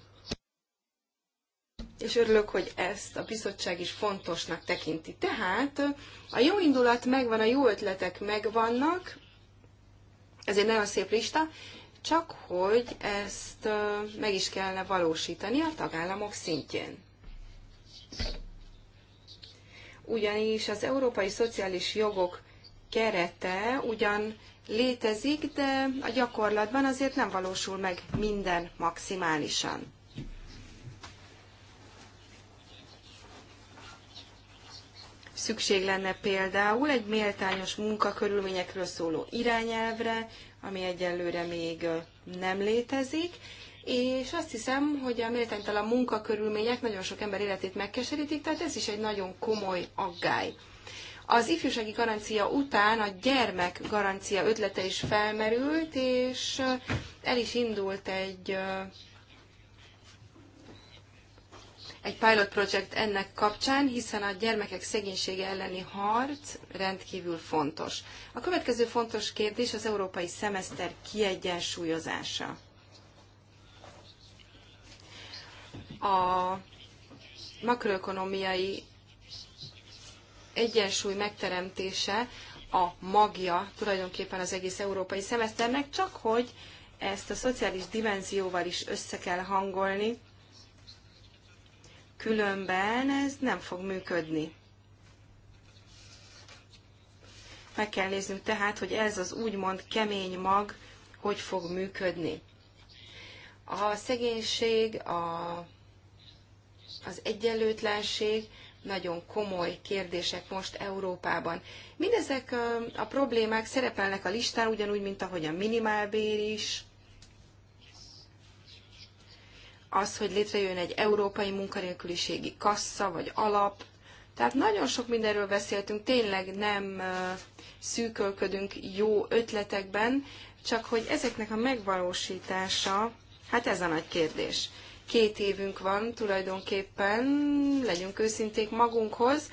és örülök, hogy ezt a bizottság is fontosnak tekinti. Tehát a jó indulat megvan, a jó ötletek megvannak, ez egy nagyon szép lista, csak hogy ezt meg is kellene valósítani a tagállamok szintjén. Ugyanis az európai szociális jogok kerete ugyan létezik, de a gyakorlatban azért nem valósul meg minden maximálisan. Szükség lenne például egy méltányos munkakörülményekről szóló irányelvre, ami egyelőre még nem létezik, és azt hiszem, hogy a méltánytalan munkakörülmények nagyon sok ember életét megkeserítik, tehát ez is egy nagyon komoly aggály. Az ifjúsági garancia után a gyermek garancia ötlete is felmerült, és el is indult egy egy pilot project ennek kapcsán, hiszen a gyermekek szegénysége elleni harc rendkívül fontos. A következő fontos kérdés az európai szemeszter kiegyensúlyozása. A makroökonomiai egyensúly megteremtése a magja tulajdonképpen az egész európai szemeszternek, csak hogy ezt a szociális dimenzióval is össze kell hangolni, különben ez nem fog működni. Meg kell néznünk tehát, hogy ez az úgymond kemény mag hogy fog működni. A szegénység, a, az egyenlőtlenség nagyon komoly kérdések most Európában. Mindezek a problémák szerepelnek a listán, ugyanúgy, mint ahogy a minimálbér is, az, hogy létrejön egy európai munkanélküliségi kassa vagy alap. Tehát nagyon sok mindenről beszéltünk, tényleg nem szűkölködünk jó ötletekben, csak hogy ezeknek a megvalósítása, hát ez a nagy kérdés. Két évünk van tulajdonképpen, legyünk őszinték magunkhoz,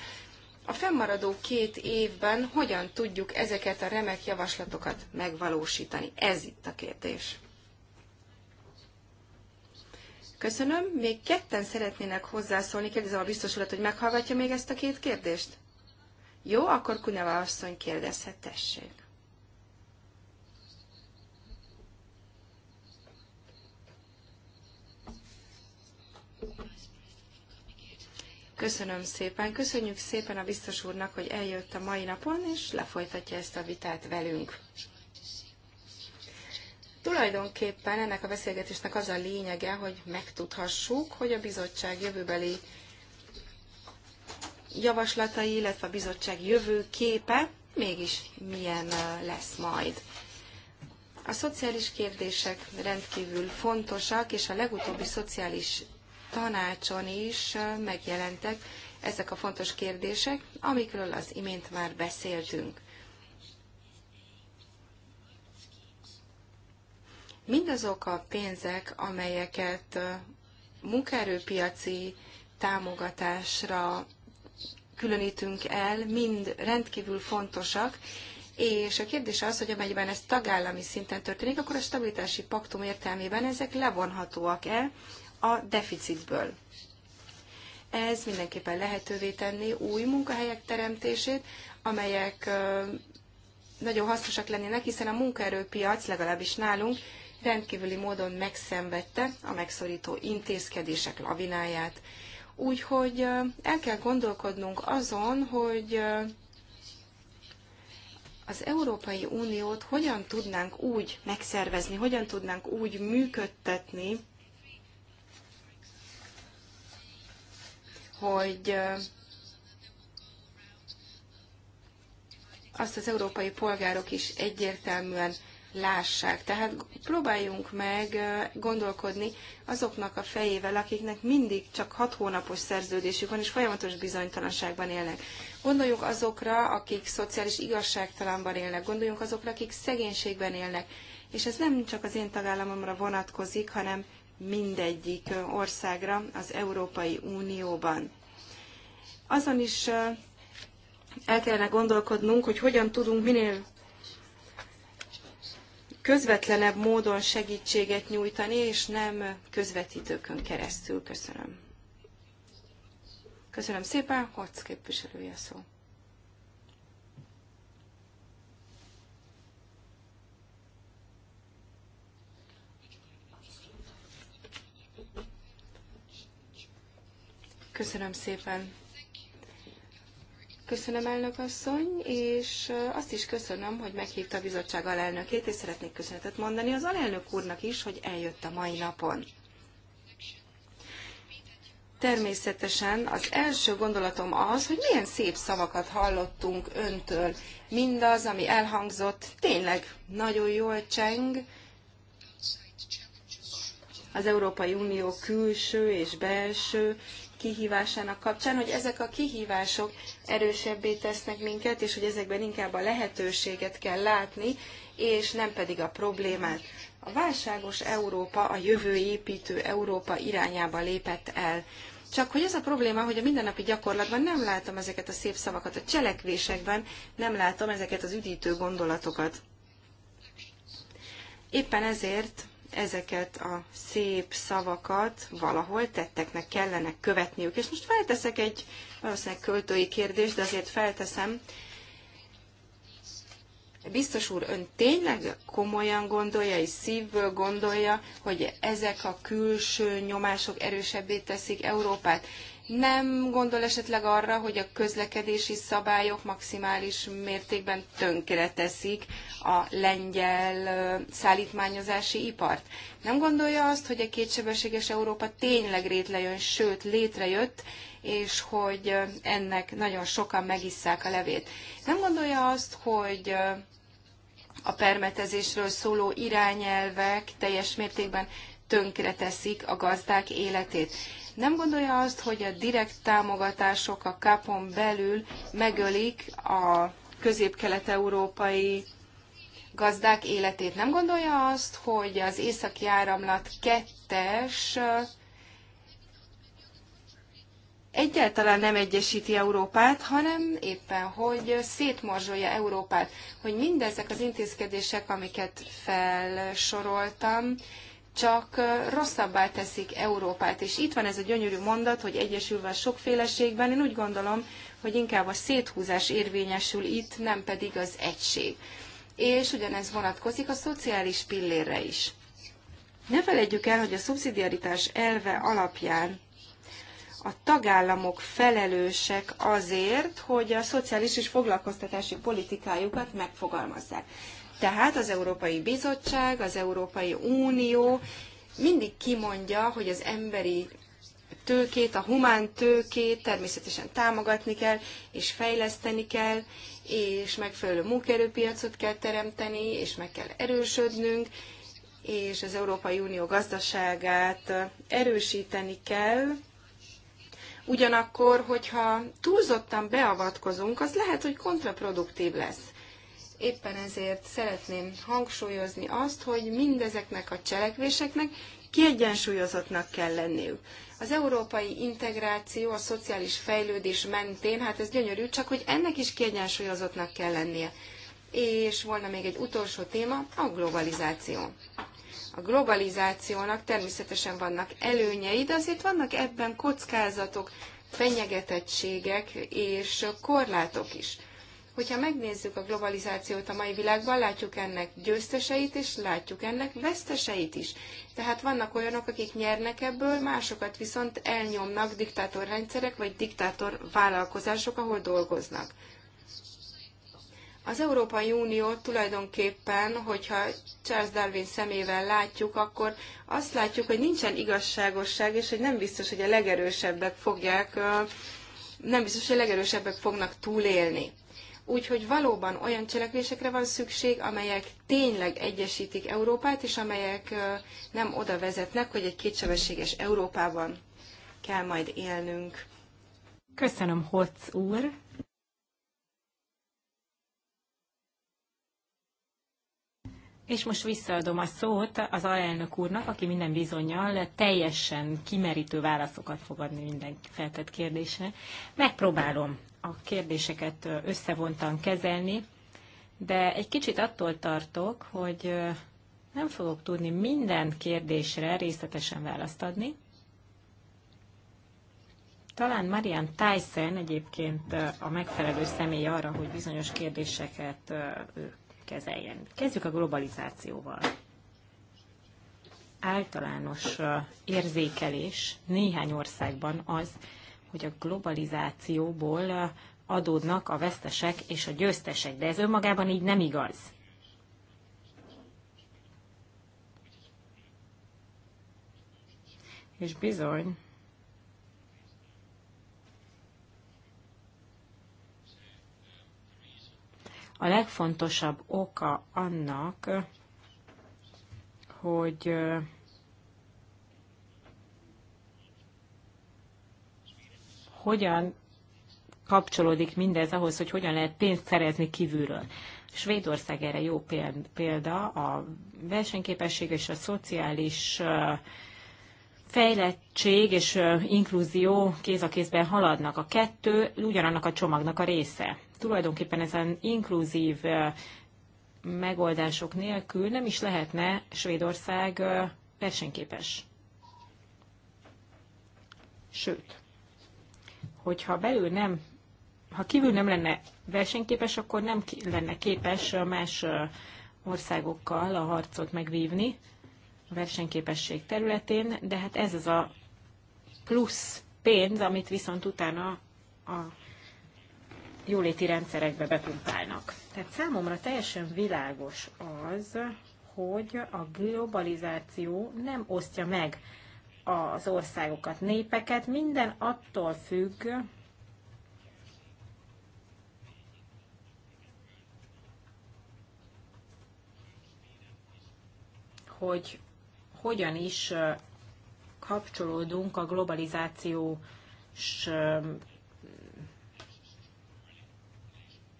a fennmaradó két évben hogyan tudjuk ezeket a remek javaslatokat megvalósítani? Ez itt a kérdés. Köszönöm. Még ketten szeretnének hozzászólni. Kérdezem a biztos urat, hogy meghallgatja még ezt a két kérdést? Jó, akkor Kuneva asszony kérdezhet, tessék. Köszönöm szépen. Köszönjük szépen a biztos úrnak, hogy eljött a mai napon, és lefolytatja ezt a vitát velünk. Tulajdonképpen ennek a beszélgetésnek az a lényege, hogy megtudhassuk, hogy a bizottság jövőbeli javaslatai, illetve a bizottság jövő képe mégis milyen uh, lesz majd. A szociális kérdések rendkívül fontosak, és a legutóbbi szociális tanácson is uh, megjelentek ezek a fontos kérdések, amikről az imént már beszéltünk. Mindazok a pénzek, amelyeket munkaerőpiaci támogatásra különítünk el, mind rendkívül fontosak, és a kérdés az, hogy amennyiben ez tagállami szinten történik, akkor a stabilitási paktum értelmében ezek levonhatóak-e a deficitből. Ez mindenképpen lehetővé tenni új munkahelyek teremtését, amelyek nagyon hasznosak lennének, hiszen a munkaerőpiac legalábbis nálunk rendkívüli módon megszenvedte a megszorító intézkedések lavináját. Úgyhogy el kell gondolkodnunk azon, hogy az Európai Uniót hogyan tudnánk úgy megszervezni, hogyan tudnánk úgy működtetni, hogy azt az európai polgárok is egyértelműen lássák. Tehát próbáljunk meg gondolkodni azoknak a fejével, akiknek mindig csak hat hónapos szerződésük van, és folyamatos bizonytalanságban élnek. Gondoljunk azokra, akik szociális igazságtalanban élnek, gondoljunk azokra, akik szegénységben élnek. És ez nem csak az én tagállamomra vonatkozik, hanem mindegyik országra az Európai Unióban. Azon is el kellene gondolkodnunk, hogy hogyan tudunk minél közvetlenebb módon segítséget nyújtani, és nem közvetítőkön keresztül. Köszönöm. Köszönöm szépen, Hotz képviselője szó. Köszönöm szépen. Köszönöm, elnök asszony, és azt is köszönöm, hogy meghívta a bizottság alelnökét, és szeretnék köszönetet mondani az alelnök úrnak is, hogy eljött a mai napon. Természetesen az első gondolatom az, hogy milyen szép szavakat hallottunk öntől. Mindaz, ami elhangzott, tényleg nagyon jól cseng. Az Európai Unió külső és belső kihívásának kapcsán, hogy ezek a kihívások erősebbé tesznek minket, és hogy ezekben inkább a lehetőséget kell látni, és nem pedig a problémát. A válságos Európa a jövő építő Európa irányába lépett el. Csak hogy ez a probléma, hogy a mindennapi gyakorlatban nem látom ezeket a szép szavakat, a cselekvésekben nem látom ezeket az üdítő gondolatokat. Éppen ezért ezeket a szép szavakat valahol tetteknek kellene követniük. És most felteszek egy valószínűleg költői kérdést, de azért felteszem. Biztos úr, ön tényleg komolyan gondolja és szívből gondolja, hogy ezek a külső nyomások erősebbé teszik Európát, nem gondol esetleg arra, hogy a közlekedési szabályok maximális mértékben tönkreteszik a lengyel szállítmányozási ipart? Nem gondolja azt, hogy a kétsebességes Európa tényleg rétlejön, sőt létrejött, és hogy ennek nagyon sokan megisszák a levét. Nem gondolja azt, hogy a permetezésről szóló irányelvek teljes mértékben tönkreteszik a gazdák életét. Nem gondolja azt, hogy a direkt támogatások a kapon belül megölik a közép-kelet-európai gazdák életét. Nem gondolja azt, hogy az északi áramlat kettes egyáltalán nem egyesíti Európát, hanem éppen, hogy szétmorzsolja Európát, hogy mindezek az intézkedések, amiket felsoroltam, csak rosszabbá teszik Európát. És itt van ez a gyönyörű mondat, hogy egyesülve a sokféleségben. Én úgy gondolom, hogy inkább a széthúzás érvényesül itt, nem pedig az egység. És ugyanez vonatkozik a szociális pillérre is. Ne felejtjük el, hogy a szubszidiaritás elve alapján a tagállamok felelősek azért, hogy a szociális és foglalkoztatási politikájukat megfogalmazzák. Tehát az Európai Bizottság, az Európai Unió mindig kimondja, hogy az emberi tőkét, a humán tőkét természetesen támogatni kell, és fejleszteni kell, és megfelelő munkaerőpiacot kell teremteni, és meg kell erősödnünk, és az Európai Unió gazdaságát erősíteni kell. Ugyanakkor, hogyha túlzottan beavatkozunk, az lehet, hogy kontraproduktív lesz. Éppen ezért szeretném hangsúlyozni azt, hogy mindezeknek a cselekvéseknek kiegyensúlyozottnak kell lenniük. Az európai integráció, a szociális fejlődés mentén, hát ez gyönyörű, csak hogy ennek is kiegyensúlyozottnak kell lennie. És volna még egy utolsó téma, a globalizáció. A globalizációnak természetesen vannak előnyei, de azért vannak ebben kockázatok, fenyegetettségek és korlátok is. Hogyha megnézzük a globalizációt a mai világban, látjuk ennek győzteseit, és látjuk ennek veszteseit is. Tehát vannak olyanok, akik nyernek ebből, másokat viszont elnyomnak diktátorrendszerek vagy diktátor vállalkozások, ahol dolgoznak. Az Európai Unió tulajdonképpen, hogyha Charles Darwin szemével látjuk, akkor azt látjuk, hogy nincsen igazságosság, és hogy nem biztos, hogy a legerősebbek fogják, nem biztos, hogy a legerősebbek fognak túlélni. Úgyhogy valóban olyan cselekvésekre van szükség, amelyek tényleg egyesítik Európát, és amelyek nem oda vezetnek, hogy egy kétsebességes Európában kell majd élnünk.
Köszönöm, Hoc úr! És most visszaadom a szót az alelnök úrnak, aki minden bizonyal teljesen kimerítő válaszokat fog adni minden feltett kérdésre. Megpróbálom a kérdéseket összevontan kezelni, de egy kicsit attól tartok, hogy nem fogok tudni minden kérdésre részletesen választ adni. Talán Marian Tyson egyébként a megfelelő személy arra, hogy bizonyos kérdéseket ő kezeljen. Kezdjük a globalizációval. Általános érzékelés néhány országban az, hogy a globalizációból adódnak a vesztesek és a győztesek, de ez önmagában így nem igaz. És bizony, a legfontosabb oka annak, hogy hogyan kapcsolódik mindez ahhoz, hogy hogyan lehet pénzt szerezni kívülről. Svédország erre jó példa, a versenyképesség és a szociális fejlettség és inkluzió kéz a kézben haladnak. A kettő ugyanannak a csomagnak a része. Tulajdonképpen ezen inkluzív megoldások nélkül nem is lehetne Svédország versenyképes. Sőt, hogyha belül nem, ha kívül nem lenne versenyképes, akkor nem lenne képes más országokkal a harcot megvívni a versenyképesség területén, de hát ez az a plusz pénz, amit viszont utána a jóléti rendszerekbe bepumpálnak. Tehát számomra teljesen világos az, hogy a globalizáció nem osztja meg az országokat, népeket, minden attól függ, hogy hogyan is kapcsolódunk a globalizációs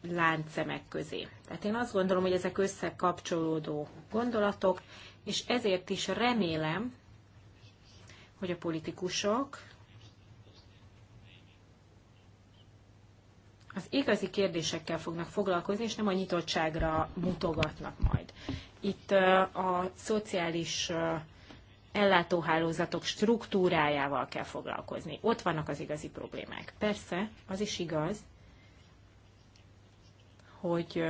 láncszemek közé. Tehát én azt gondolom, hogy ezek összekapcsolódó gondolatok, és ezért is remélem, hogy a politikusok az igazi kérdésekkel fognak foglalkozni, és nem a nyitottságra mutogatnak majd. Itt a szociális ellátóhálózatok struktúrájával kell foglalkozni. Ott vannak az igazi problémák. Persze, az is igaz, hogy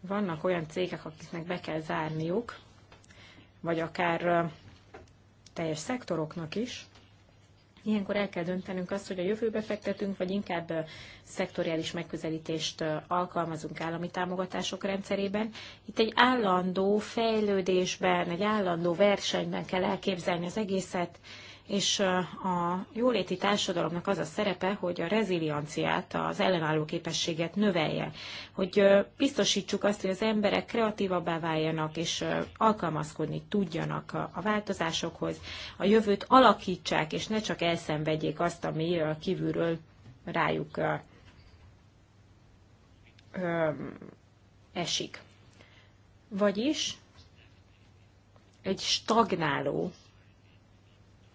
vannak olyan cégek, akiknek be kell zárniuk, vagy akár teljes szektoroknak is. Ilyenkor el kell döntenünk azt, hogy a jövőbe fektetünk, vagy inkább szektoriális megközelítést alkalmazunk állami támogatások rendszerében. Itt egy állandó fejlődésben, egy állandó versenyben kell elképzelni az egészet, és a jóléti társadalomnak az a szerepe, hogy a rezilianciát, az ellenálló képességet növelje, hogy biztosítsuk azt, hogy az emberek kreatívabbá váljanak, és alkalmazkodni tudjanak a változásokhoz, a jövőt alakítsák, és ne csak elszenvedjék azt, ami kívülről rájuk esik. Vagyis egy stagnáló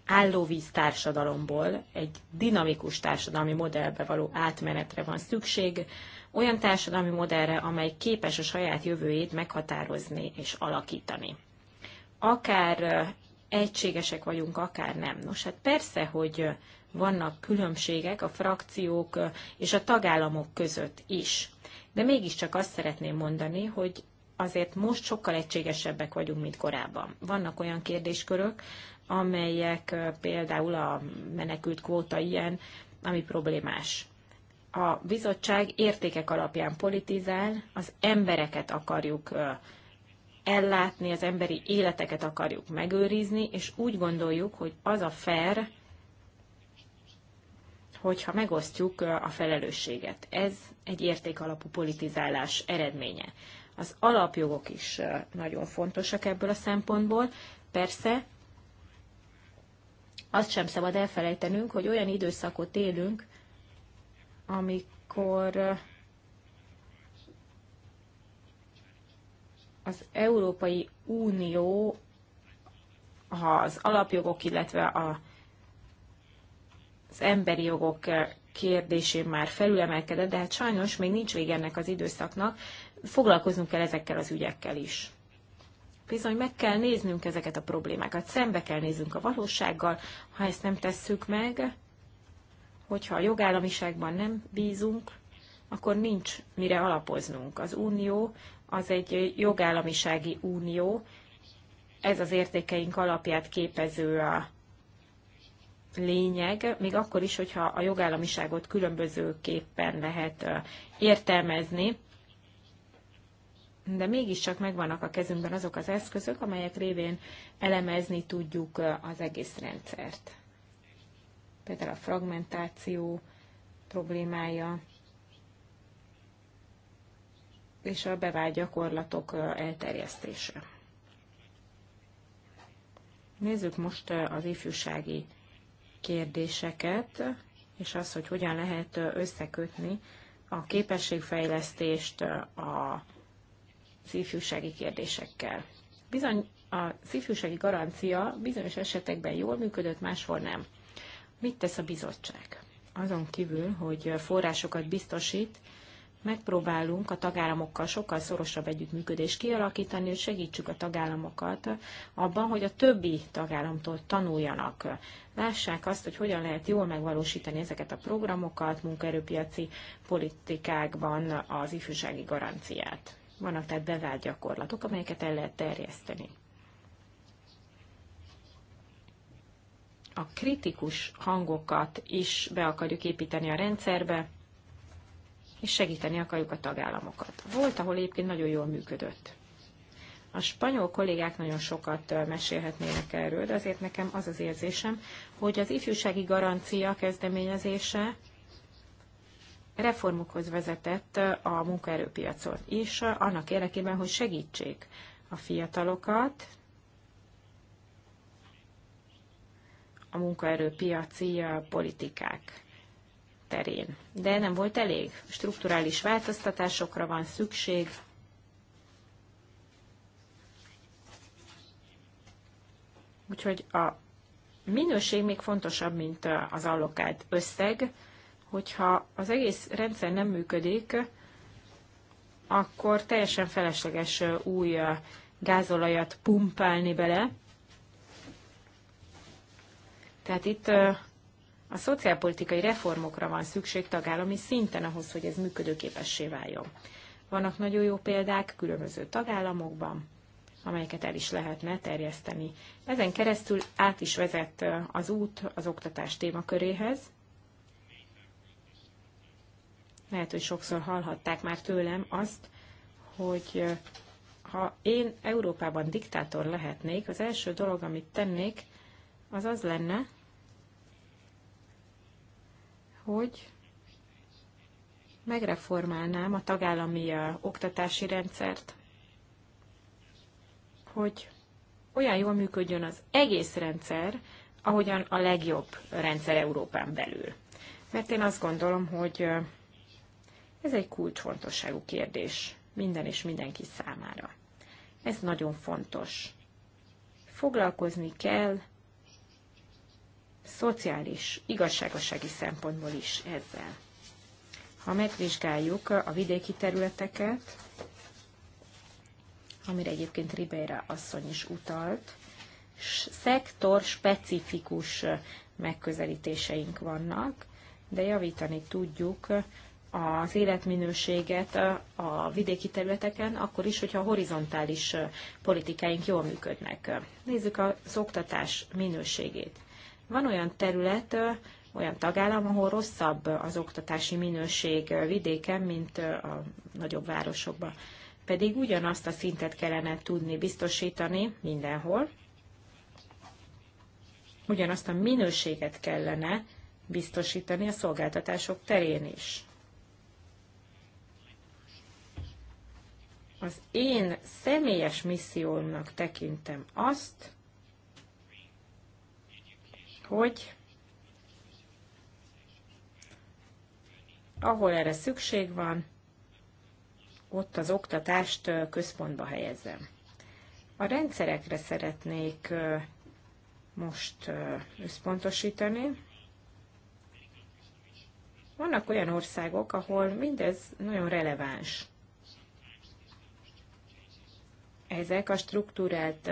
állóvíz társadalomból egy dinamikus társadalmi modellbe való átmenetre van szükség, olyan társadalmi modellre, amely képes a saját jövőjét meghatározni és alakítani. Akár egységesek vagyunk, akár nem. Nos, hát persze, hogy vannak különbségek a frakciók és a tagállamok között is. De mégiscsak azt szeretném mondani, hogy azért most sokkal egységesebbek vagyunk, mint korábban. Vannak olyan kérdéskörök, amelyek például a menekült kvóta ilyen, ami problémás. A bizottság értékek alapján politizál, az embereket akarjuk ellátni, az emberi életeket akarjuk megőrizni, és úgy gondoljuk, hogy az a fair, hogyha megosztjuk a felelősséget. Ez egy értékalapú politizálás eredménye. Az alapjogok is nagyon fontosak ebből a szempontból. Persze azt sem szabad elfelejtenünk, hogy olyan időszakot élünk, amikor az Európai Unió az alapjogok, illetve a, az emberi jogok kérdésén már felülemelkedett, de hát sajnos még nincs vége ennek az időszaknak, foglalkozunk kell ezekkel az ügyekkel is bizony meg kell néznünk ezeket a problémákat, szembe kell néznünk a valósággal, ha ezt nem tesszük meg, hogyha a jogállamiságban nem bízunk, akkor nincs mire alapoznunk. Az unió az egy jogállamisági unió, ez az értékeink alapját képező a lényeg, még akkor is, hogyha a jogállamiságot különbözőképpen lehet értelmezni, de mégiscsak megvannak a kezünkben azok az eszközök, amelyek révén elemezni tudjuk az egész rendszert. Például a fragmentáció problémája, és a bevált gyakorlatok elterjesztése. Nézzük most az ifjúsági kérdéseket, és az, hogy hogyan lehet összekötni a képességfejlesztést, a szívfűsági kérdésekkel. Bizony a szívfűsági garancia bizonyos esetekben jól működött, máshol nem. Mit tesz a bizottság? Azon kívül, hogy forrásokat biztosít, megpróbálunk a tagállamokkal sokkal szorosabb együttműködést kialakítani, hogy segítsük a tagállamokat abban, hogy a többi tagállamtól tanuljanak. Lássák azt, hogy hogyan lehet jól megvalósítani ezeket a programokat, munkaerőpiaci politikákban az ifjúsági garanciát. Vannak tehát bevált gyakorlatok, amelyeket el lehet terjeszteni. A kritikus hangokat is be akarjuk építeni a rendszerbe, és segíteni akarjuk a tagállamokat. Volt, ahol egyébként nagyon jól működött. A spanyol kollégák nagyon sokat mesélhetnének erről, de azért nekem az az érzésem, hogy az ifjúsági garancia kezdeményezése reformokhoz vezetett a munkaerőpiacot is, annak érdekében, hogy segítsék a fiatalokat a munkaerőpiaci politikák terén. De nem volt elég. Strukturális változtatásokra van szükség. Úgyhogy a minőség még fontosabb, mint az allokált összeg, hogyha az egész rendszer nem működik, akkor teljesen felesleges új gázolajat pumpálni bele. Tehát itt a szociálpolitikai reformokra van szükség tagállami szinten ahhoz, hogy ez működőképessé váljon. Vannak nagyon jó példák különböző tagállamokban, amelyeket el is lehetne terjeszteni. Ezen keresztül át is vezet az út az oktatás témaköréhez, lehet, hogy sokszor hallhatták már tőlem azt, hogy ha én Európában diktátor lehetnék, az első dolog, amit tennék, az az lenne, hogy megreformálnám a tagállami oktatási rendszert, hogy olyan jól működjön az egész rendszer, ahogyan a legjobb rendszer Európán belül. Mert én azt gondolom, hogy ez egy kulcsfontosságú kérdés minden és mindenki számára. Ez nagyon fontos. Foglalkozni kell szociális, igazságossági szempontból is ezzel. Ha megvizsgáljuk a vidéki területeket, amire egyébként Ribeira asszony is utalt, szektor specifikus megközelítéseink vannak, de javítani tudjuk az életminőséget a vidéki területeken, akkor is, hogyha a horizontális politikáink jól működnek. Nézzük az oktatás minőségét. Van olyan terület, olyan tagállam, ahol rosszabb az oktatási minőség vidéken, mint a nagyobb városokban. Pedig ugyanazt a szintet kellene tudni biztosítani mindenhol, ugyanazt a minőséget kellene biztosítani a szolgáltatások terén is. az én személyes missziómnak tekintem azt, hogy ahol erre szükség van, ott az oktatást központba helyezem. A rendszerekre szeretnék most összpontosítani. Vannak olyan országok, ahol mindez nagyon releváns. Ezek a struktúrált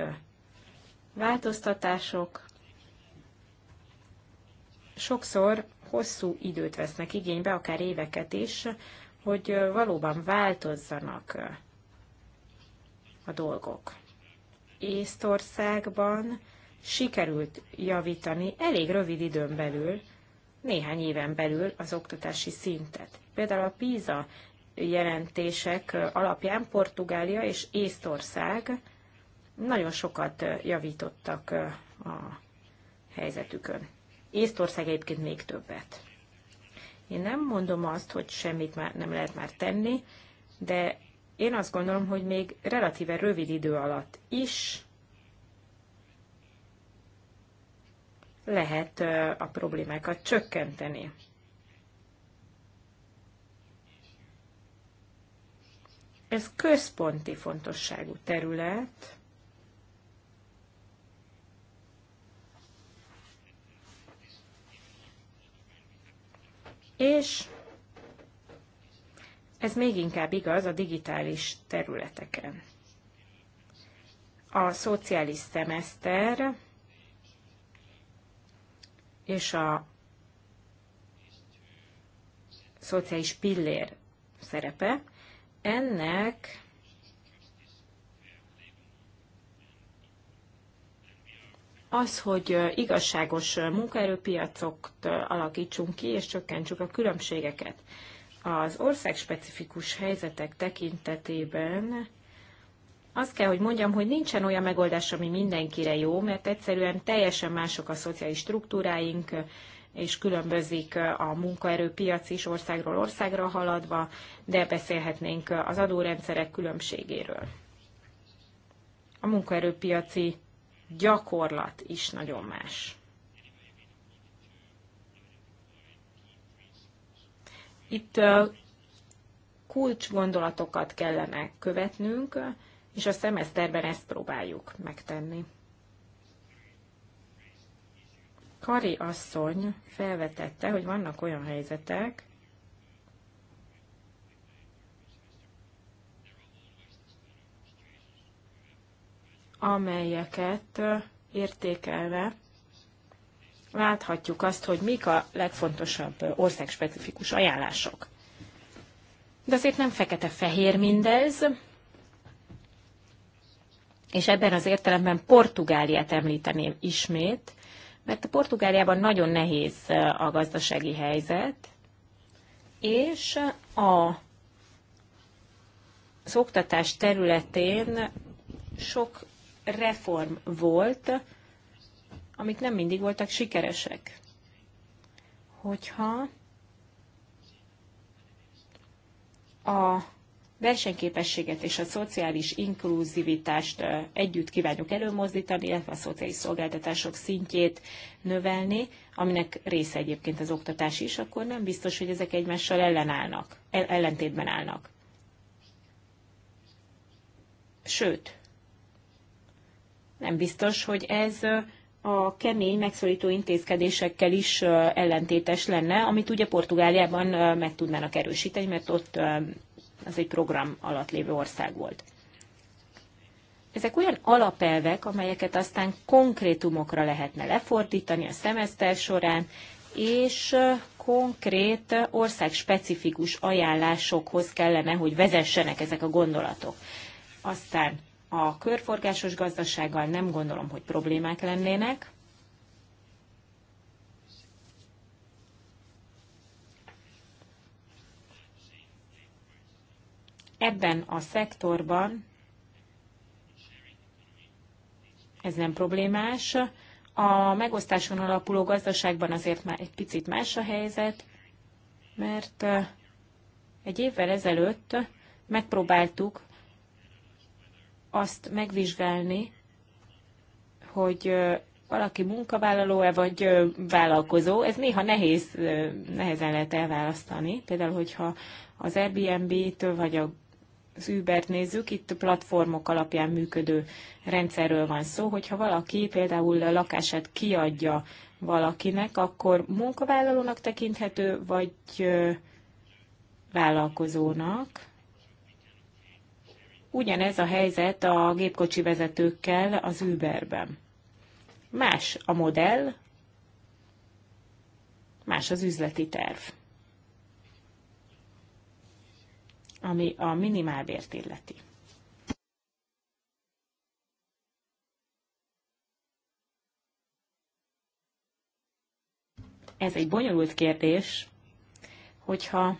változtatások sokszor hosszú időt vesznek igénybe, akár éveket is, hogy valóban változzanak a dolgok. Észtországban sikerült javítani elég rövid időn belül, néhány éven belül az oktatási szintet. Például a PISA jelentések alapján Portugália és Észtország nagyon sokat javítottak a helyzetükön. Észtország egyébként még többet. Én nem mondom azt, hogy semmit már nem lehet már tenni, de én azt gondolom, hogy még relatíve rövid idő alatt is lehet a problémákat csökkenteni. Ez központi fontosságú terület, és ez még inkább igaz a digitális területeken. A szociális szemeszter és a szociális pillér szerepe ennek az, hogy igazságos munkaerőpiacokat alakítsunk ki, és csökkentsük a különbségeket. Az országspecifikus helyzetek tekintetében azt kell, hogy mondjam, hogy nincsen olyan megoldás, ami mindenkire jó, mert egyszerűen teljesen mások a szociális struktúráink, és különbözik a munkaerőpiac is országról országra haladva, de beszélhetnénk az adórendszerek különbségéről. A munkaerőpiaci gyakorlat is nagyon más. Itt kulcsgondolatokat kellene követnünk, és a szemeszterben ezt próbáljuk megtenni. Kari asszony felvetette, hogy vannak olyan helyzetek, amelyeket értékelve láthatjuk azt, hogy mik a legfontosabb országspecifikus ajánlások. De azért nem fekete-fehér mindez, és ebben az értelemben Portugáliát említeném ismét, mert a Portugáliában nagyon nehéz a gazdasági helyzet, és a szoktatás területén sok reform volt, amik nem mindig voltak sikeresek. Hogyha a versenyképességet és a szociális inkluzivitást együtt kívánjuk előmozdítani, illetve a szociális szolgáltatások szintjét növelni, aminek része egyébként az oktatás is, akkor nem biztos, hogy ezek egymással ellenállnak, ellentétben állnak. Sőt, nem biztos, hogy ez a kemény megszorító intézkedésekkel is ellentétes lenne, amit ugye Portugáliában meg tudnának erősíteni, mert ott az egy program alatt lévő ország volt. Ezek olyan alapelvek, amelyeket aztán konkrétumokra lehetne lefordítani a szemeszter során, és konkrét országspecifikus ajánlásokhoz kellene, hogy vezessenek ezek a gondolatok. Aztán a körforgásos gazdasággal nem gondolom, hogy problémák lennének. ebben a szektorban ez nem problémás. A megosztáson alapuló gazdaságban azért már egy picit más a helyzet, mert egy évvel ezelőtt megpróbáltuk azt megvizsgálni, hogy valaki munkavállaló-e vagy vállalkozó. Ez néha nehéz, nehezen lehet elválasztani. Például, hogyha az Airbnb-től vagy a az Uber-t nézzük, itt a platformok alapján működő rendszerről van szó, hogyha valaki például a lakását kiadja valakinek, akkor munkavállalónak tekinthető, vagy vállalkozónak. Ugyanez a helyzet a gépkocsi vezetőkkel az Uberben. Más a modell, más az üzleti terv. ami a minimálbért illeti. Ez egy bonyolult kérdés, hogyha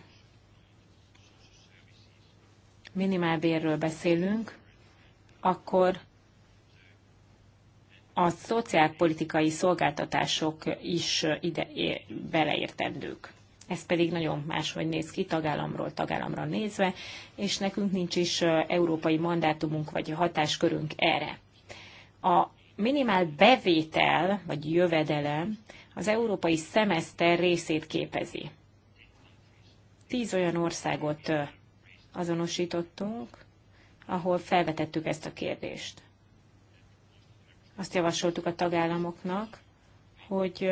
minimálbérről beszélünk, akkor a szociálpolitikai szolgáltatások is ide beleértendők. Ez pedig nagyon máshogy néz ki tagállamról tagállamra nézve, és nekünk nincs is európai mandátumunk vagy hatáskörünk erre. A minimál bevétel vagy jövedelem az európai szemeszter részét képezi. Tíz olyan országot azonosítottunk, ahol felvetettük ezt a kérdést. Azt javasoltuk a tagállamoknak, hogy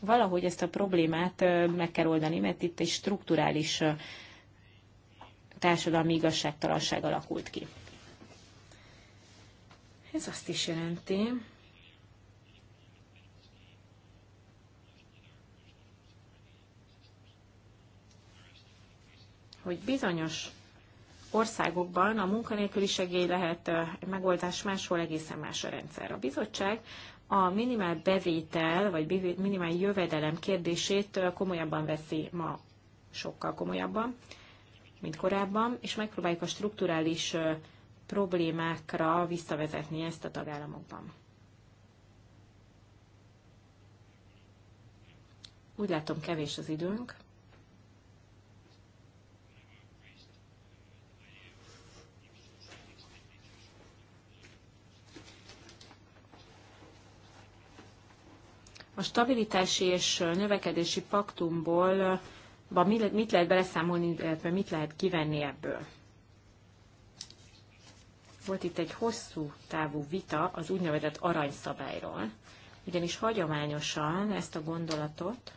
valahogy ezt a problémát meg kell oldani, mert itt egy strukturális társadalmi igazságtalanság alakult ki. Ez azt is jelenti, hogy bizonyos országokban a munkanélküli segély lehet megoldás, máshol egészen más a rendszer. A bizottság a minimál bevétel, vagy minimál jövedelem kérdését komolyabban veszi ma, sokkal komolyabban, mint korábban, és megpróbáljuk a strukturális problémákra visszavezetni ezt a tagállamokban. Úgy látom, kevés az időnk. A stabilitási és növekedési paktumból mit lehet beleszámolni, illetve mit lehet kivenni ebből? Volt itt egy hosszú távú vita az úgynevezett aranyszabályról, ugyanis hagyományosan ezt a gondolatot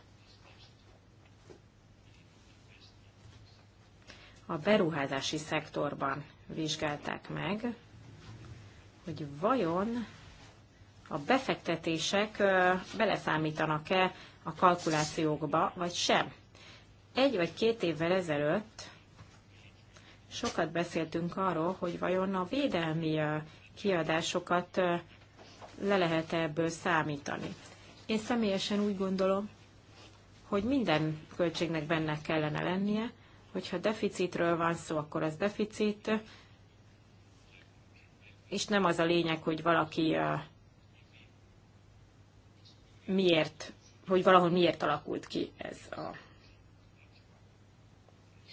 a beruházási szektorban vizsgálták meg, hogy vajon a befektetések beleszámítanak-e a kalkulációkba, vagy sem. Egy vagy két évvel ezelőtt sokat beszéltünk arról, hogy vajon a védelmi kiadásokat le lehet -e ebből számítani. Én személyesen úgy gondolom, hogy minden költségnek benne kellene lennie, hogyha deficitről van szó, akkor az deficit, és nem az a lényeg, hogy valaki miért, hogy valahol miért alakult ki ez a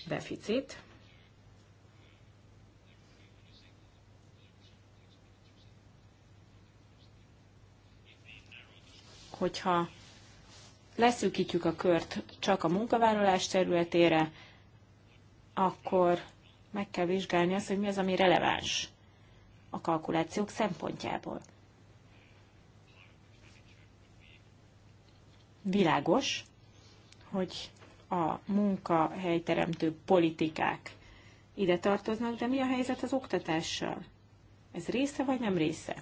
deficit. Hogyha leszűkítjük a kört csak a munkavállalás területére, akkor meg kell vizsgálni azt, hogy mi az, ami releváns a kalkulációk szempontjából. Világos, hogy a munkahelyteremtő politikák ide tartoznak, de mi a helyzet az oktatással? Ez része vagy nem része?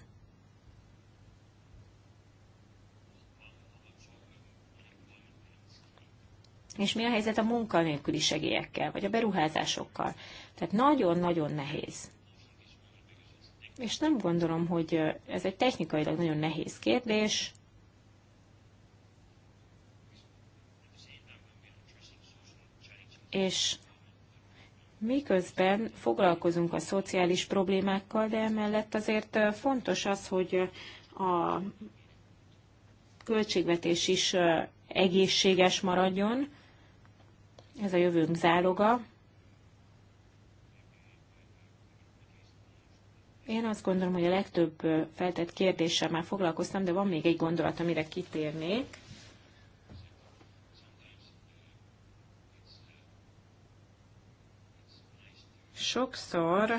És mi a helyzet a munkanélküli segélyekkel, vagy a beruházásokkal? Tehát nagyon-nagyon nehéz. És nem gondolom, hogy ez egy technikailag nagyon nehéz kérdés, és miközben foglalkozunk a szociális problémákkal, de emellett azért fontos az, hogy a költségvetés is egészséges maradjon, ez a jövőnk záloga. Én azt gondolom, hogy a legtöbb feltett kérdéssel már foglalkoztam, de van még egy gondolat, amire kitérnék. sokszor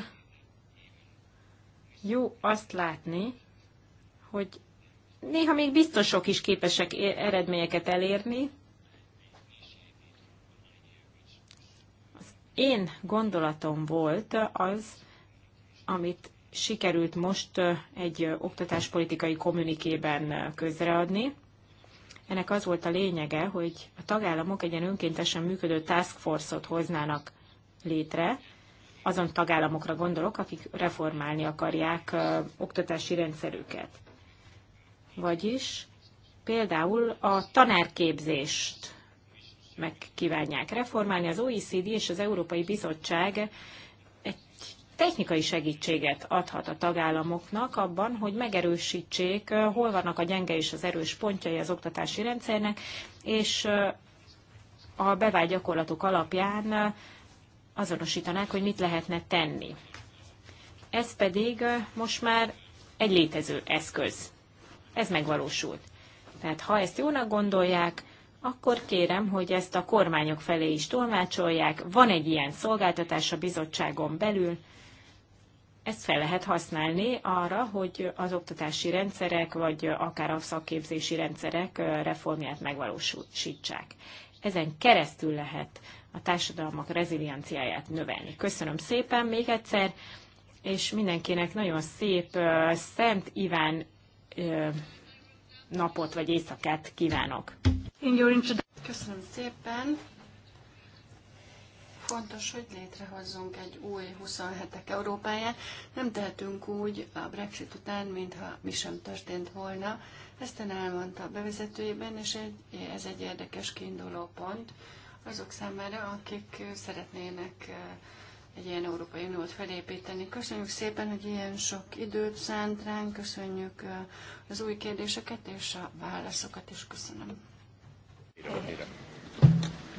jó azt látni, hogy néha még biztosok is képesek eredményeket elérni. Az én gondolatom volt az, amit sikerült most egy oktatáspolitikai kommunikében közreadni. Ennek az volt a lényege, hogy a tagállamok egy ilyen önkéntesen működő task force-ot hoznának létre, azon tagállamokra gondolok, akik reformálni akarják oktatási rendszerüket. Vagyis például a tanárképzést meg kívánják reformálni. Az OECD és az Európai Bizottság egy technikai segítséget adhat a tagállamoknak abban, hogy megerősítsék, hol vannak a gyenge és az erős pontjai az oktatási rendszernek, és a bevált gyakorlatok alapján azonosítanák, hogy mit lehetne tenni. Ez pedig most már egy létező eszköz. Ez megvalósult. Tehát ha ezt jónak gondolják, akkor kérem, hogy ezt a kormányok felé is tolmácsolják. Van egy ilyen szolgáltatás a bizottságon belül, ezt fel lehet használni arra, hogy az oktatási rendszerek, vagy akár a szakképzési rendszerek reformját megvalósítsák. Ezen keresztül lehet a társadalmak rezilienciáját növelni. Köszönöm szépen még egyszer, és mindenkinek nagyon szép Szent Iván napot vagy éjszakát kívánok.
Köszönöm szépen. Fontos, hogy létrehozzunk egy új 27 Európáját. Nem tehetünk úgy a Brexit után, mintha mi sem történt volna. Ezt elmondta a bevezetőjében, és egy, ez egy érdekes kiinduló pont azok számára, akik szeretnének egy ilyen Európai Uniót felépíteni. Köszönjük szépen, hogy ilyen sok időt szánt ránk, köszönjük az új kérdéseket és a válaszokat is. Köszönöm. Kérem, kérem.